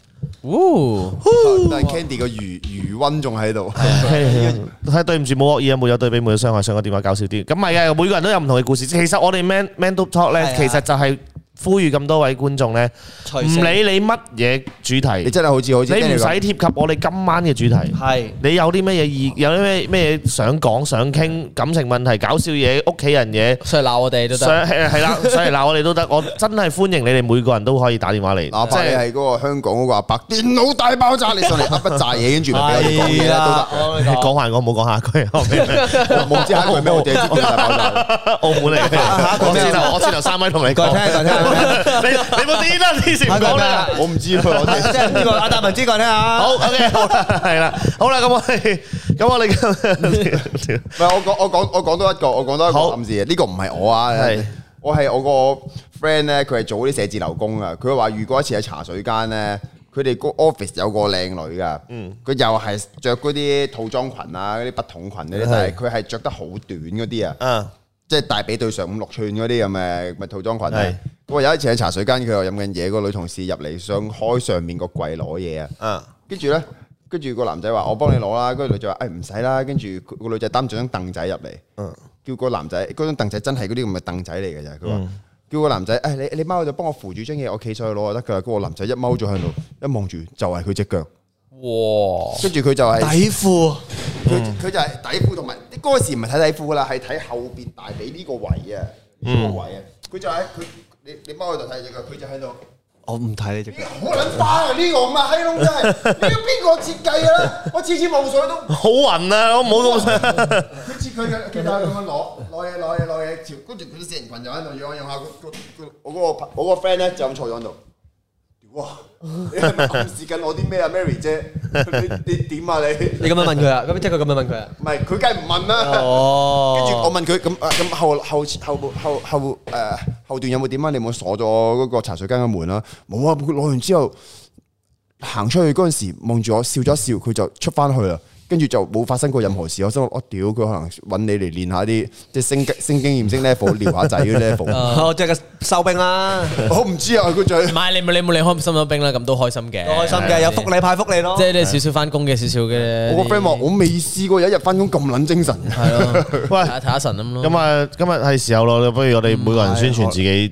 哦 Woo, woo,，但係 Candy 個餘餘溫仲喺度，係對唔住，冇惡意啊，冇有對比，冇有傷害。上個電話搞笑啲，咁唔係嘅，每個人都有唔同嘅故事。其實我哋 Man Man Talk 咧，其實就係、是。是呼籲咁多位觀眾咧，唔理你乜嘢主題，你真係好似好似你唔使貼及我哋今晚嘅主題。係你有啲咩嘢意？有啲咩咩嘢想講、想傾感情問題、搞笑嘢、屋企人嘢，上嚟鬧我哋都得。係係啦，上嚟鬧我哋都得。我真係歡迎你哋每個人都可以打電話嚟，即係係嗰個香港嗰個阿伯電腦大爆炸，你上嚟發一紮嘢，跟住咪俾我講嘢都得。你講下我唔好講下句，我唔知係咩嘢。電腦大爆炸，澳門嚟嘅。我先頭三位同你講，講聽。你你冇知啦，之前講啦，我唔知佢，即係呢個阿達文知講下啊。好，OK，好，係啦，好啦，咁我哋，咁我你唔係我講，我講，我講多一個，我講多一個暗示啊。呢個唔係我啊，係我係我個 friend 咧，佢係做嗰啲寫字樓工啊。佢話遇過一次喺茶水間咧，佢哋個 office 有個靚女噶，嗯，佢又係着嗰啲套裝裙啊，嗰啲不統裙嗰啲，但係佢係着得好短嗰啲啊，嗯。即係大髀對上五六寸嗰啲咁嘅，咪套裝裙。係，我有一次喺茶水間，佢又飲緊嘢，個女同事入嚟，想開上面個櫃攞嘢啊。嗯。跟住咧，跟住個男仔話，我幫你攞啦。跟住女仔話，誒唔使啦。跟住個女仔擔住張凳仔入嚟。嗯。叫個男仔，嗰張凳仔真係嗰啲咁嘅凳仔嚟嘅咋。佢話叫個男仔，誒你你踎咗，幫我扶住張嘢，我企上去攞就得㗎啦。咁個男仔一踎咗喺度，一望住就係佢隻腳。哇！跟住佢就係底褲。佢佢、嗯、就係底褲同埋你嗰時唔係睇底褲噶啦，係睇後邊大髀呢個位啊，呢個位啊，佢就喺佢你你踎喺度睇住佢，佢就喺度。我唔睇呢隻。好撚花啊！呢個咁嘅閪真係，你要邊個設計㗎啦？我次次望水都好暈啊！我冇水。佢設計嘅，其到咁樣攞攞嘢攞嘢攞嘢，朝跟住佢啲成羣人喺度養養下個個我嗰個我嗰個 friend 咧就咁坐咗喺度。哇！你係咪暗示緊我啲咩啊，Mary 姐？你你點啊你？你咁樣問佢啊？咁即係佢咁樣問佢啊？唔係，佢梗係唔問啦。哦，跟住我問佢咁啊咁後後後後後誒後段有冇點啊？你有冇鎖咗嗰個茶水間嘅門啊？冇啊！佢攞完之後行出去嗰陣時望住我笑咗笑，佢就出翻去啦。跟住就冇發生過任何事，我想我屌佢，可能揾你嚟練下啲即係升升經驗升 level，撩下仔啲 level。哦，即係收兵啦！我唔知啊，佢就唔係你冇你冇離開收咗兵啦，咁都開心嘅，開心嘅有福利派福利咯。即係少少翻工嘅少少嘅。我個 friend 話：我未試過有一日翻工咁撚精神。係咯，喂，睇下睇下神咁咯。咁啊，今日係時候咯，不如我哋每個人宣傳自己。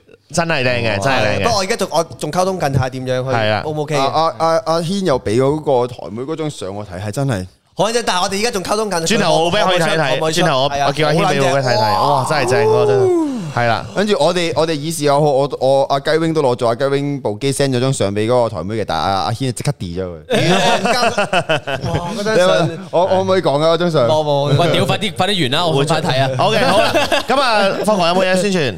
真係靚嘅，真係靚。不過我而家仲我仲溝通緊下點樣可以，O 唔 OK？阿阿阿阿軒又俾嗰個台妹嗰張相我睇，係真係。好啫，但係我哋而家仲溝通緊。轉頭我俾可以睇一睇，轉頭我我叫阿軒俾我睇一睇。哇，真係正，真係。係啦，跟住我哋我哋以前我我我阿雞 wing 都攞咗阿雞 wing 部機 send 咗張相俾嗰個台妹嘅，但係阿阿軒即刻 delete 咗佢。我我唔可以講啊，嗰張相。我屌，快啲快啲完啦，我會睇啊。好嘅，好啦。咁啊，方華有冇嘢宣傳？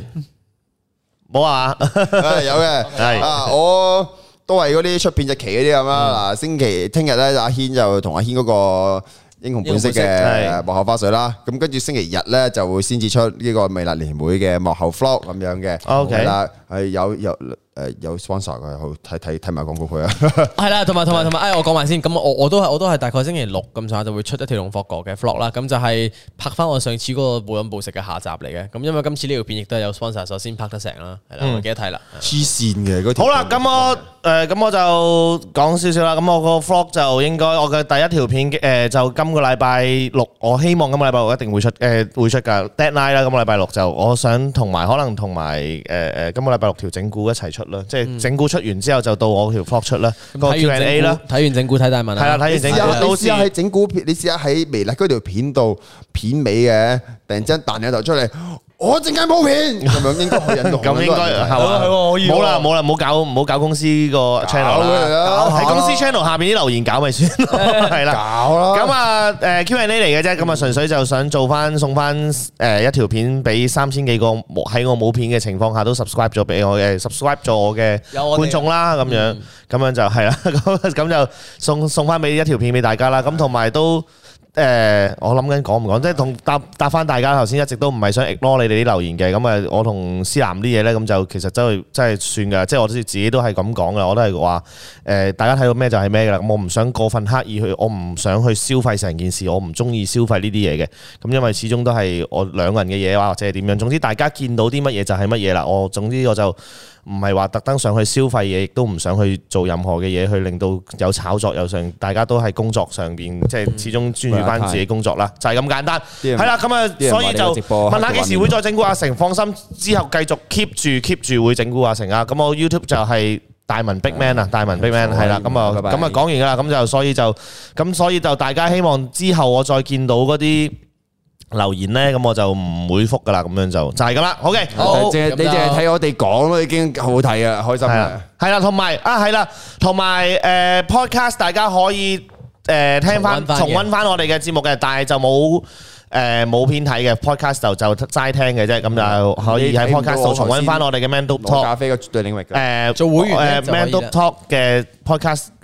冇、嗯、Okay. 啊，有嘅，啊我都係嗰啲出片日期嗰啲咁啦。嗱、嗯，星期聽日咧，啊、軒阿軒就同阿軒嗰個英雄本色嘅幕後花絮啦。咁跟住星期日咧，就會先至出呢個魅力年會嘅幕後 flow 咁樣嘅，係啦，係有有。有誒、呃，有 sponsor 嘅好，睇睇睇埋廣告佢啊，係 啦，同埋同埋同埋，哎，我講埋先，咁我我都係我都係大概星期六咁上下就會出一條龍霍哥嘅 vlog 啦，咁就係拍翻我上次嗰那個暴飲暴食嘅下集嚟嘅，咁因為今次呢條片亦都係有 sponsor，首先拍得成啦，係啦，記得睇啦。黐線嘅好啦，咁我誒咁、呃、我就講少少啦，咁我個 vlog 就應該我嘅第一條片，誒、呃、就今個禮拜六，我希望今個禮拜六一定會出，誒、呃、會出㗎 deadline 啦，今個禮拜六就我想同埋可能同埋誒誒，今個禮拜六條整蠱一齊出。即係整蠱出完之後就到我條幅出啦，睇完 A 啦，睇完整蠱睇大問題，係啦，睇完整啦。又係整蠱片，你試下喺微辣嗰條片度片尾嘅，突然間彈兩頭出嚟。我陣間冇片，咁樣應該去引導，咁應該係喎，可以。好啦好啦，唔好搞唔好搞公司個 channel 啦，喺公司 channel 下邊啲留言搞咪算咯，係啦。搞咯。咁啊誒，Q&A 嚟嘅啫，咁啊純粹就想做翻送翻誒一條片俾三千幾個冇喺我冇片嘅情況下都 subscribe 咗俾我嘅 subscribe 咗我嘅觀眾啦，咁樣咁樣就係啦，咁咁就送送翻俾一條片俾大家啦，咁同埋都。誒、呃，我諗緊講唔講，即係同答答返大家頭先一直都唔係想 ignore 你哋啲留言嘅，咁啊，我同思南啲嘢呢，咁就其實就真係真係算㗎，即係我都自己都係咁講㗎，我都係話誒，大家睇到咩就係㗎咩啦，咁我唔想過分刻意去，我唔想去消費成件事，我唔中意消費呢啲嘢嘅，咁因為始終都係我兩個人嘅嘢或者係點樣，總之大家見到啲乜嘢就係乜嘢啦，我總之我就。唔係話特登上去消費嘢，亦都唔想去做任何嘅嘢，去令到有炒作，有成。大家都喺工作上邊，即係始終專注翻自己工作啦，嗯、就係咁簡單。係、嗯、啦，咁啊、嗯，所以就問下幾時會再整蠱阿成，放心之後繼續 keep 住 keep 住會整蠱阿成啊。咁我 YouTube 就係大文 Big Man 啊，大文 Big Man 係啦，咁啊，咁啊講完㗎啦，咁就所以就咁，所以就大家希望之後我再見到嗰啲。留言咧,咁我就唔回覆噶啦，咁樣就就係咁啦。好嘅,好,就你淨係睇我哋講咯,已經好睇噶,開心啦。係啦,同埋啊,係啦,同埋誒 podcast 大家可以誒、呃、聽翻重温翻我哋嘅節目嘅,但係就冇誒冇片睇嘅 podcast 就就齋聽嘅啫,咁就可以喺 podcast 度重温翻我哋嘅 Man Talk 咖啡嘅絕對領域。誒、呃,做會員誒 Man Talk 嘅 podcast。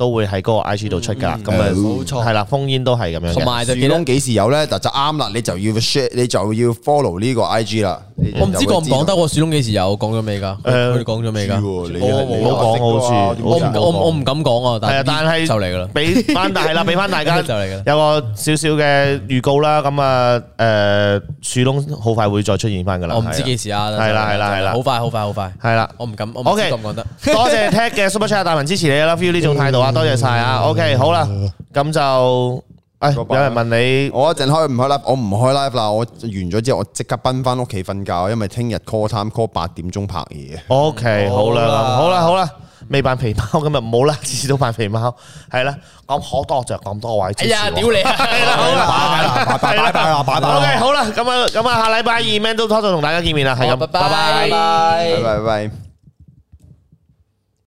都會喺嗰個 IG 度出㗎，咁啊，冇錯，係啦，烽煙都係咁樣。同埋就樹窿幾時有咧？就就啱啦，你就要 share，你就要 follow 呢個 IG 啦。我唔知講唔講得喎，樹窿幾時有？講咗未㗎？誒，講咗未㗎？我冇講喎，我唔敢講啊。係啊，但係就嚟㗎啦，俾翻大係啦，俾翻大家就嚟㗎，有個少少嘅預告啦。咁啊誒，樹窿好快會再出現翻㗎啦。我唔知幾時啊，係啦係啦係啦，好快好快好快，係啦。我唔敢，OK，講得。多謝 Tack 嘅 Super Chat 大文支持你啦，feel 呢種態度啊！多謝晒啊，OK，好啦，咁就誒，有人問你，我一陣開唔開 live？我唔開 live 啦，我完咗之後，我即刻奔翻屋企瞓覺，因為聽日 call time call 八點鐘拍嘢。OK，好啦，好啦，好啦，未扮肥貓，今日唔好啦，次次都扮肥貓，係啦，咁好多謝咁多位，哎呀，屌你，係啦，好啦，拜拜，拜拜，拜拜，OK，好啦，咁啊，咁啊，下禮拜二 man 都拖咗同大家見面啦，係咁，拜拜，拜拜，拜拜。